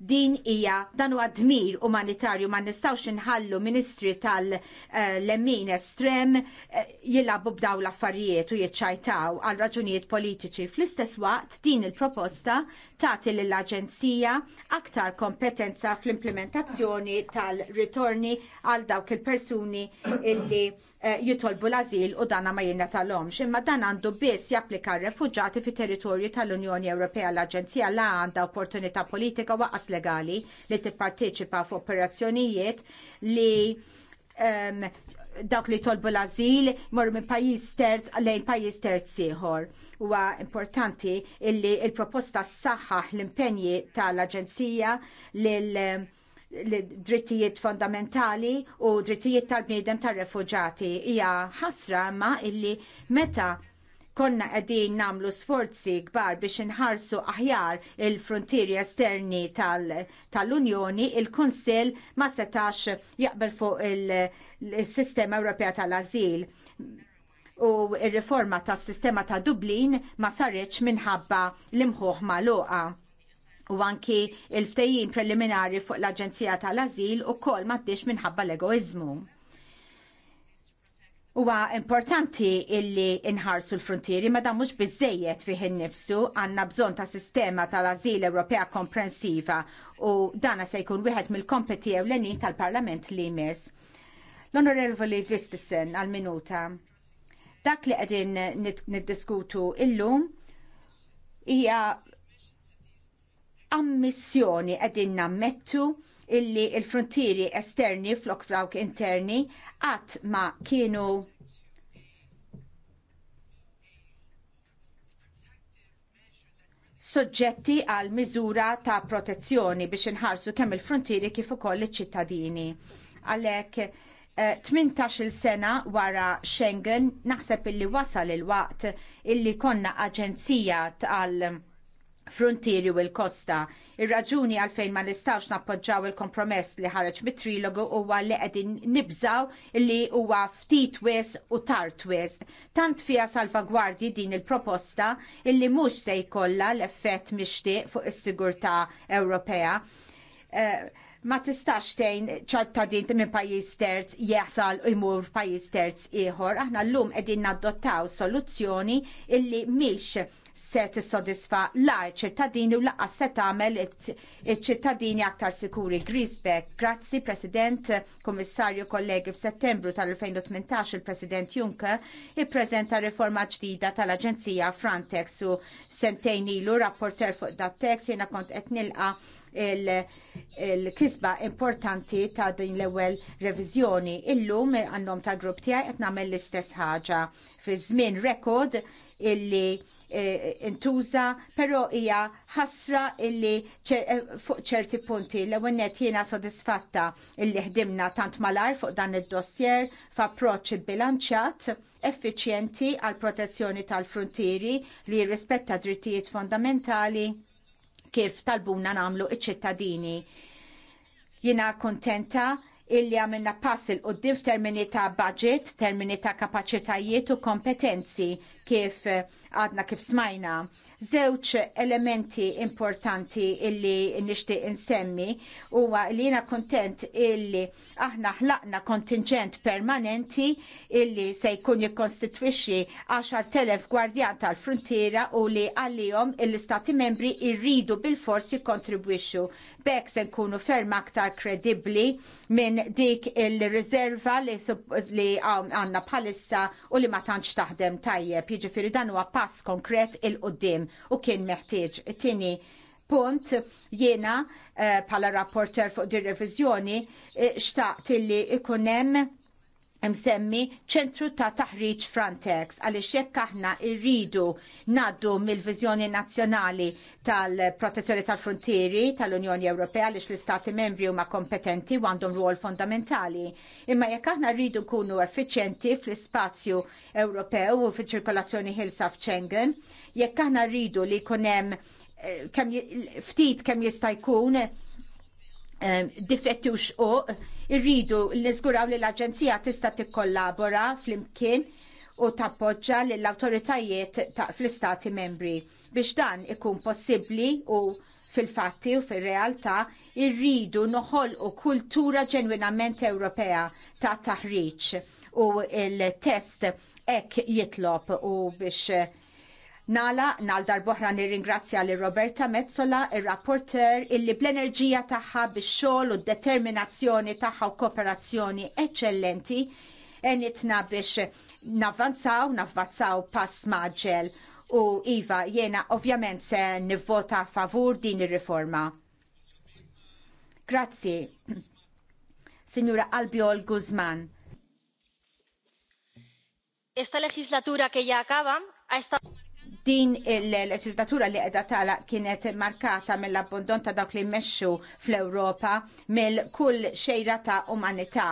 Speaker 6: Din hija dan huwa dmir umanitarju ma nistgħux inħallu ministri tal-lemmin estrem eh, jilagħbu b'daw l-affarijiet u jiċċajtaw għal raġunijiet politiċi. Fl-istess waqt din il-proposta tagħti lill-Aġenzija aktar kompetenza fl-implementazzjoni tal-ritorni għal dawk il-persuni illi eh, jitolbu l-azil u dana ma jenna tal-omx. Imma dan għandu biss japplika r-refugġati fi territorju tal-Unjoni Ewropea l-Aġenzija la għanda opportunità politika waqqas legali li tipparteċipa f'operazzjonijiet li um, dawk li tolbu l-azil morru minn pajjiż terz lejn pajjiż terz ieħor. Huwa importanti illi il-proposta saħħaħ l-impenji tal-Aġenzija lil drittijiet fondamentali u drittijiet tal-bniedem tar refugġati hija ħasra ma illi meta konna qegħdin nagħmlu sforzi kbar biex inħarsu aħjar il-frontieri esterni tal-Unjoni, tal il-Kunsill ma setax jaqbel fuq il-Sistema Ewropea tal-Azil u r-riforma tas sistema ta' Dublin ma sarriċ minħabba l-imħuħ magħluqa. U anki il-ftejjin preliminari fuq l-Aġenzija tal-Azil u kol minħabba l-egoizmu. Huwa importanti illi inħarsu l-frontieri ma mhux bizzejiet fih innifsu għandna bżonn ta' sistema tal-Azil Ewropea komprensiva u dana se jkun wieħed mill-kompeti ewlenin tal-Parlament li jmiss. L-Onorevoli Vistisen għal-minuta. Dak li qegħdin niddiskutu illum hija ammissjoni qegħdin nammettu illi il-frontieri esterni flok flawk interni għat ma kienu soġġetti għal miżura ta' protezzjoni biex inħarsu kemm il-frontieri kif ukoll iċ-ċittadini. Għalhekk 18 eh, sena wara Schengen naħseb illi wasal il-waqt illi konna aġenzija tal frontieri u l-kosta. Ir-raġuni għalfejn ma nistawx nappoġġaw il-kompromess li ħareġ mit-trilogu huwa li qegħdin nibżaw li huwa ftit wis u tard wis. Tant fiha salvagwardji din il-proposta illi mhux se jkollha l-effett mixtieq fuq is-sigurtà Ewropea. Eh, ma tistax tgħin din minn pajjiż terz jaħsal imur f'pajjiż terz ieħor. Aħna llum qegħdin naddottaw soluzzjoni illi mhix se tissodisfa l-għar ċittadini u laqqas se tagħmel iċ-ċittadini aktar sikuri. Grisbeck, grazzi President, Kommissarju kollegi f'Settembru tal-2018 il-President Juncker ippreżenta riforma ġdida tal-Aġenzija Frontex u sentejn ilu rapporter fuq dat-tekst jena kont etnilqa nilqa' il-kisba importanti ta' din l-ewwel reviżjoni. Illum għannom ta' grupp tiegħi qed nagħmel l-istess ħaġa fi żmien rekord illi e, intuża, però hija ħasra illi e, fuq ċerti punti l ewwelnet jiena sodisfatta illi ħdimna tant malar fuq dan id-dossier f'approċċ bilanċat effiċjenti għal protezzjoni tal-frontieri li jirrispetta drittijiet fondamentali kif talbuna namlu iċ-ċittadini. Jina kontenta illi għamilna pass il qoddim f'termini ta' budget, termini ta' kapacitajiet u kompetenzi kif eh, għadna kif smajna. Zewċ elementi importanti illi nixtieq insemmi huwa li jina kontent illi aħna ħlaqna kontingent permanenti illi se jkun jikonstitwixxi 10,000 gwardjan tal-frontiera u li għalihom l-istati membri irridu bil-forsi kontribwixxu. Bek se nkunu ferm aktar kredibbli minn dik il-riserva li għandna bħalissa u li ma tantx taħdem tajjeb jiġifieri dan huwa pass konkret il qoddim u kien meħtieġ. Tieni punt jiena eh, bħala rapporter fuq dir-reviżjoni eh, xtaqt illi ikun hemm msemmi ċentru ta' taħriġ Frontex għaliex jekk aħna rridu naddu mill-viżjoni nazzjonali tal-protezzjoni tal-frontieri tal-Unjoni Ewropea għaliex l-Istati membri huma kompetenti u għandhom rwol fondamentali. Imma jekk aħna rridu nkunu effiċjenti fl-ispazju Ewropew u fiċ-ċirkolazzjoni ħilsa f'Schengen, jekk aħna rridu li jkun hemm eh, ftit kemm jista' jkun Ehm, difetti u xquq, irridu l-izguraw li l-Aġenzija tista' tikkollabora fl-imkien u tappoġġa lill awtoritajiet fl-istati membri. Biex dan ikun possibbli u fil-fatti u fil-realtà irridu noħolqu kultura ġenwinament Ewropea ta' taħriġ u il-test ek jitlob u biex Nala, nal darbohra nir-ringrazzja li Roberta Mezzola, il-rapporter, illi bl-enerġija taħħa bix-xogħol u determinazzjoni taħħa u kooperazzjoni eccellenti enitna biex navvanzaw, navvazzaw pass maġġel. U Iva, jena ovvjament se nivvota favur din ir-riforma. Grazzi. Signora Albiol Guzman.
Speaker 4: Esta legislatura che ya acaba ha estado
Speaker 6: din il-leġislatura li qiegħda tala kienet markata mill-abbondon ta' dawk li jmexxu fl-Ewropa mill-kull xejra ta' umanità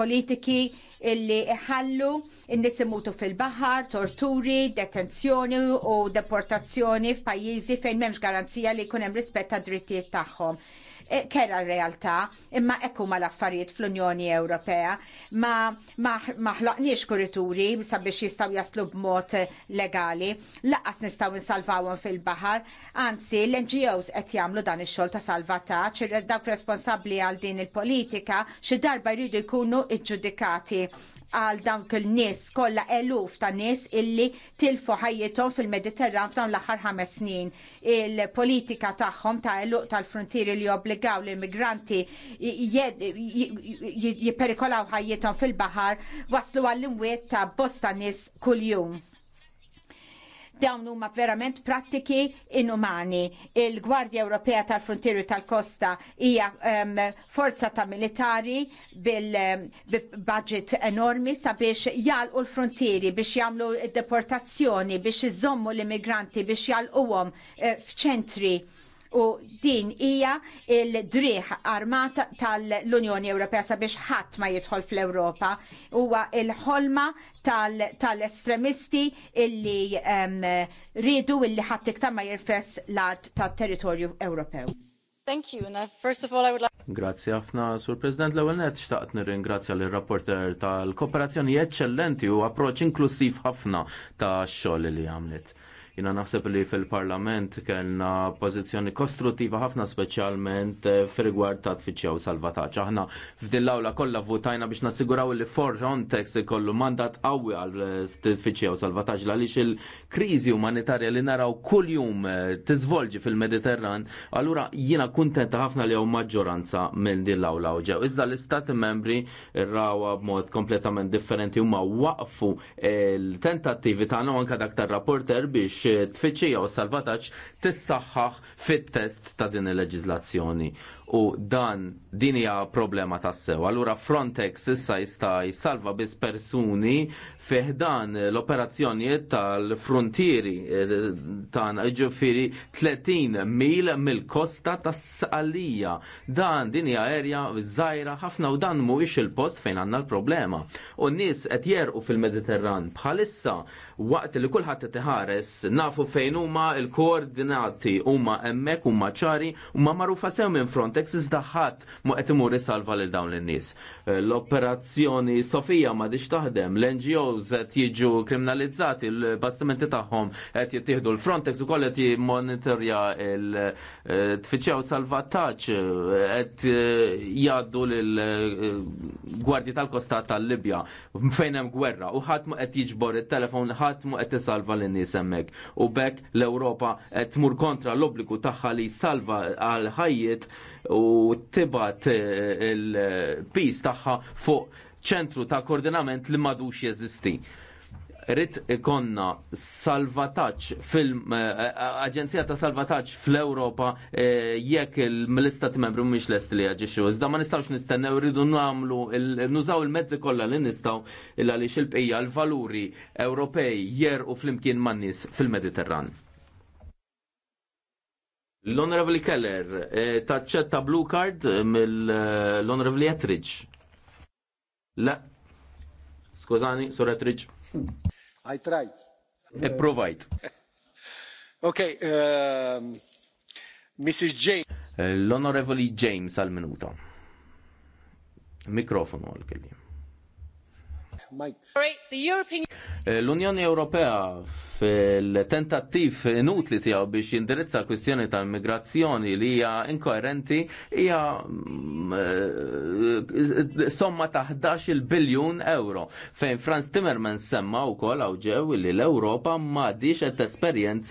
Speaker 6: politiki illi iħallu n imutu fil-bahar, torturi, detenzjoni u deportazzjoni f'pajjiżi fejn m'hemmx garanzija li jkun hemm rispett tad drittijiet tagħhom. E, kera r-realtà imma ekku ma l-affarijiet fl-Unjoni Ewropea ma maħlaqniex kurituri sabiex jistaw jaslu b'mod legali laqas nistaw nsalvawhom fil-baħar anzi l-NGOs qed jagħmlu dan ix-xogħol ta' salvataġġ dawk responsabbli għal din il-politika xi darba jridu jkunu iġġudikati għal dawk il-nies kollha eluf ta' nies illi tilfu ħajjithom fil-Mediterran f'dawn l-aħħar ħames snin. Il-politika tagħhom ta' eluq tal-frontieri li obbligaw l-immigranti jipperikolaw ħajjithom fil-baħar waslu għall-imwiet ta' bosta nies kuljum dawn huma verament prattiki inumani. Il-Gwardja Ewropea tal-Frontieri tal-Kosta hija um, forza ta' militari bil-budget ehm, enormi sabiex jalqu l-frontieri biex jagħmlu deportazzjoni biex iżommu l-immigranti biex jalquhom uh, f'ċentri u din hija il-driħ armata tal-Unjoni Ewropea sabiex ħadd ma jidħol fl-Ewropa huwa il-ħolma tal-estremisti illi rridu illi ħadd iktar ma jirfess l-art tat-territorju Ewropew. Thank you. And first of all, I would like...
Speaker 3: Grazie ħafna, Sur President l net xtaqt nirringrazzja lir rapporter tal-kooperazzjoni eċċellenti u approċċ inklusiv ħafna ta' xogħol li għamlet. Jina naħseb li fil-parlament kellna pożizzjoni kostruttiva ħafna speċjalment eh, fil-rigward ta' tfittxew salvataġġ. Aħna fdin l-awla kollha votajna biex nassiguraw li Frontex ikollu mandat qawwi għal eh, tfittxew salvataġġ għaliex il-kriżi umanitarja li naraw kuljum eh, tiżvolġi fil-Mediterran, allura jiena kuntenta ħafna li hawn maġġoranza minn din l-awla ġew. Iżda l-istati membri rawa b'mod kompletament differenti huma waqfu l-tentattivi tagħna anke dak tar-rapporter biex tfittxija u salvataġġ tissaħħaħ fit-test ta' din il leġizlazzjoni u dan din hija problema tassew. Allura Frontex issa jista' jsalva biss persuni fih dan l-operazzjonijiet tal-frontieri eh, tan ġifieri 30 mil mill-kosta tas salija Dan din hija erja żgħira ħafna u dan mhuwiex il-post fejn għandna l-problema. U n-nies qed jerqu fil-Mediterran bħalissa waqt li kulħadd qed iħares nafu fejn huma l koordinati huma hemmhekk huma ċari huma magħrufa sew minn Frontex Frontex iżda ħadd mu qed imur isalva lil dawn lin-nies. Eh, l-operazzjoni Sofija ma diċ taħdem, l-NGOs qed jiġu kriminalizzati, l-bastimenti tagħhom qed jittieħdu l-Frontex ukoll qed jimmonitorja l-tfittxew eh, salvataġġ eh, qed jgħaddu lil gwardji tal-kosta tal-Libja fejn hemm gwerra u ħadd mu qed jiġbor it-telefon, ħadd mu qed isalva lin-nies hemmhekk. U bekk l-Ewropa qed tmur kontra l-obbligu tagħha li salva għal ħajjiet u tibat eh, il-pis tagħha fuq ċentru ta' koordinament li madux jeżisti. Rit ikonna salvataċ film, eh, eh, aġenzija ta' salvataċ fl-Europa jekk il membru membri mhumiex lest li jaġixxu. Iżda ma nistgħux nistennew rridu nagħmlu nużaw il-mezzi kollha li nistgħu il għalix il-bqija l-valuri Ewropej u flimkien man-nies fil-Mediterran. L-Honorable Keller, eh, taċċetta blue card eh, mill-Honorable Etridge. La, skużani, sur Etridge.
Speaker 2: I tried. E provajt. ok, Mrs. Um,
Speaker 3: James. Eh, L-Honorable James għal-minuta. Mikrofonu għal-kellim. Eh, L-Unjoni Ewropea fil-tentattiv inutli tiegħu biex jindirizza kwistjoni tal-migrazzjoni li hija inkoerenti hija mm, eh, somma ta' 11 biljun euro. Fejn Franz Timmermans semma wkoll hawn ġew li l-Ewropa m'għadix qed esperjenza.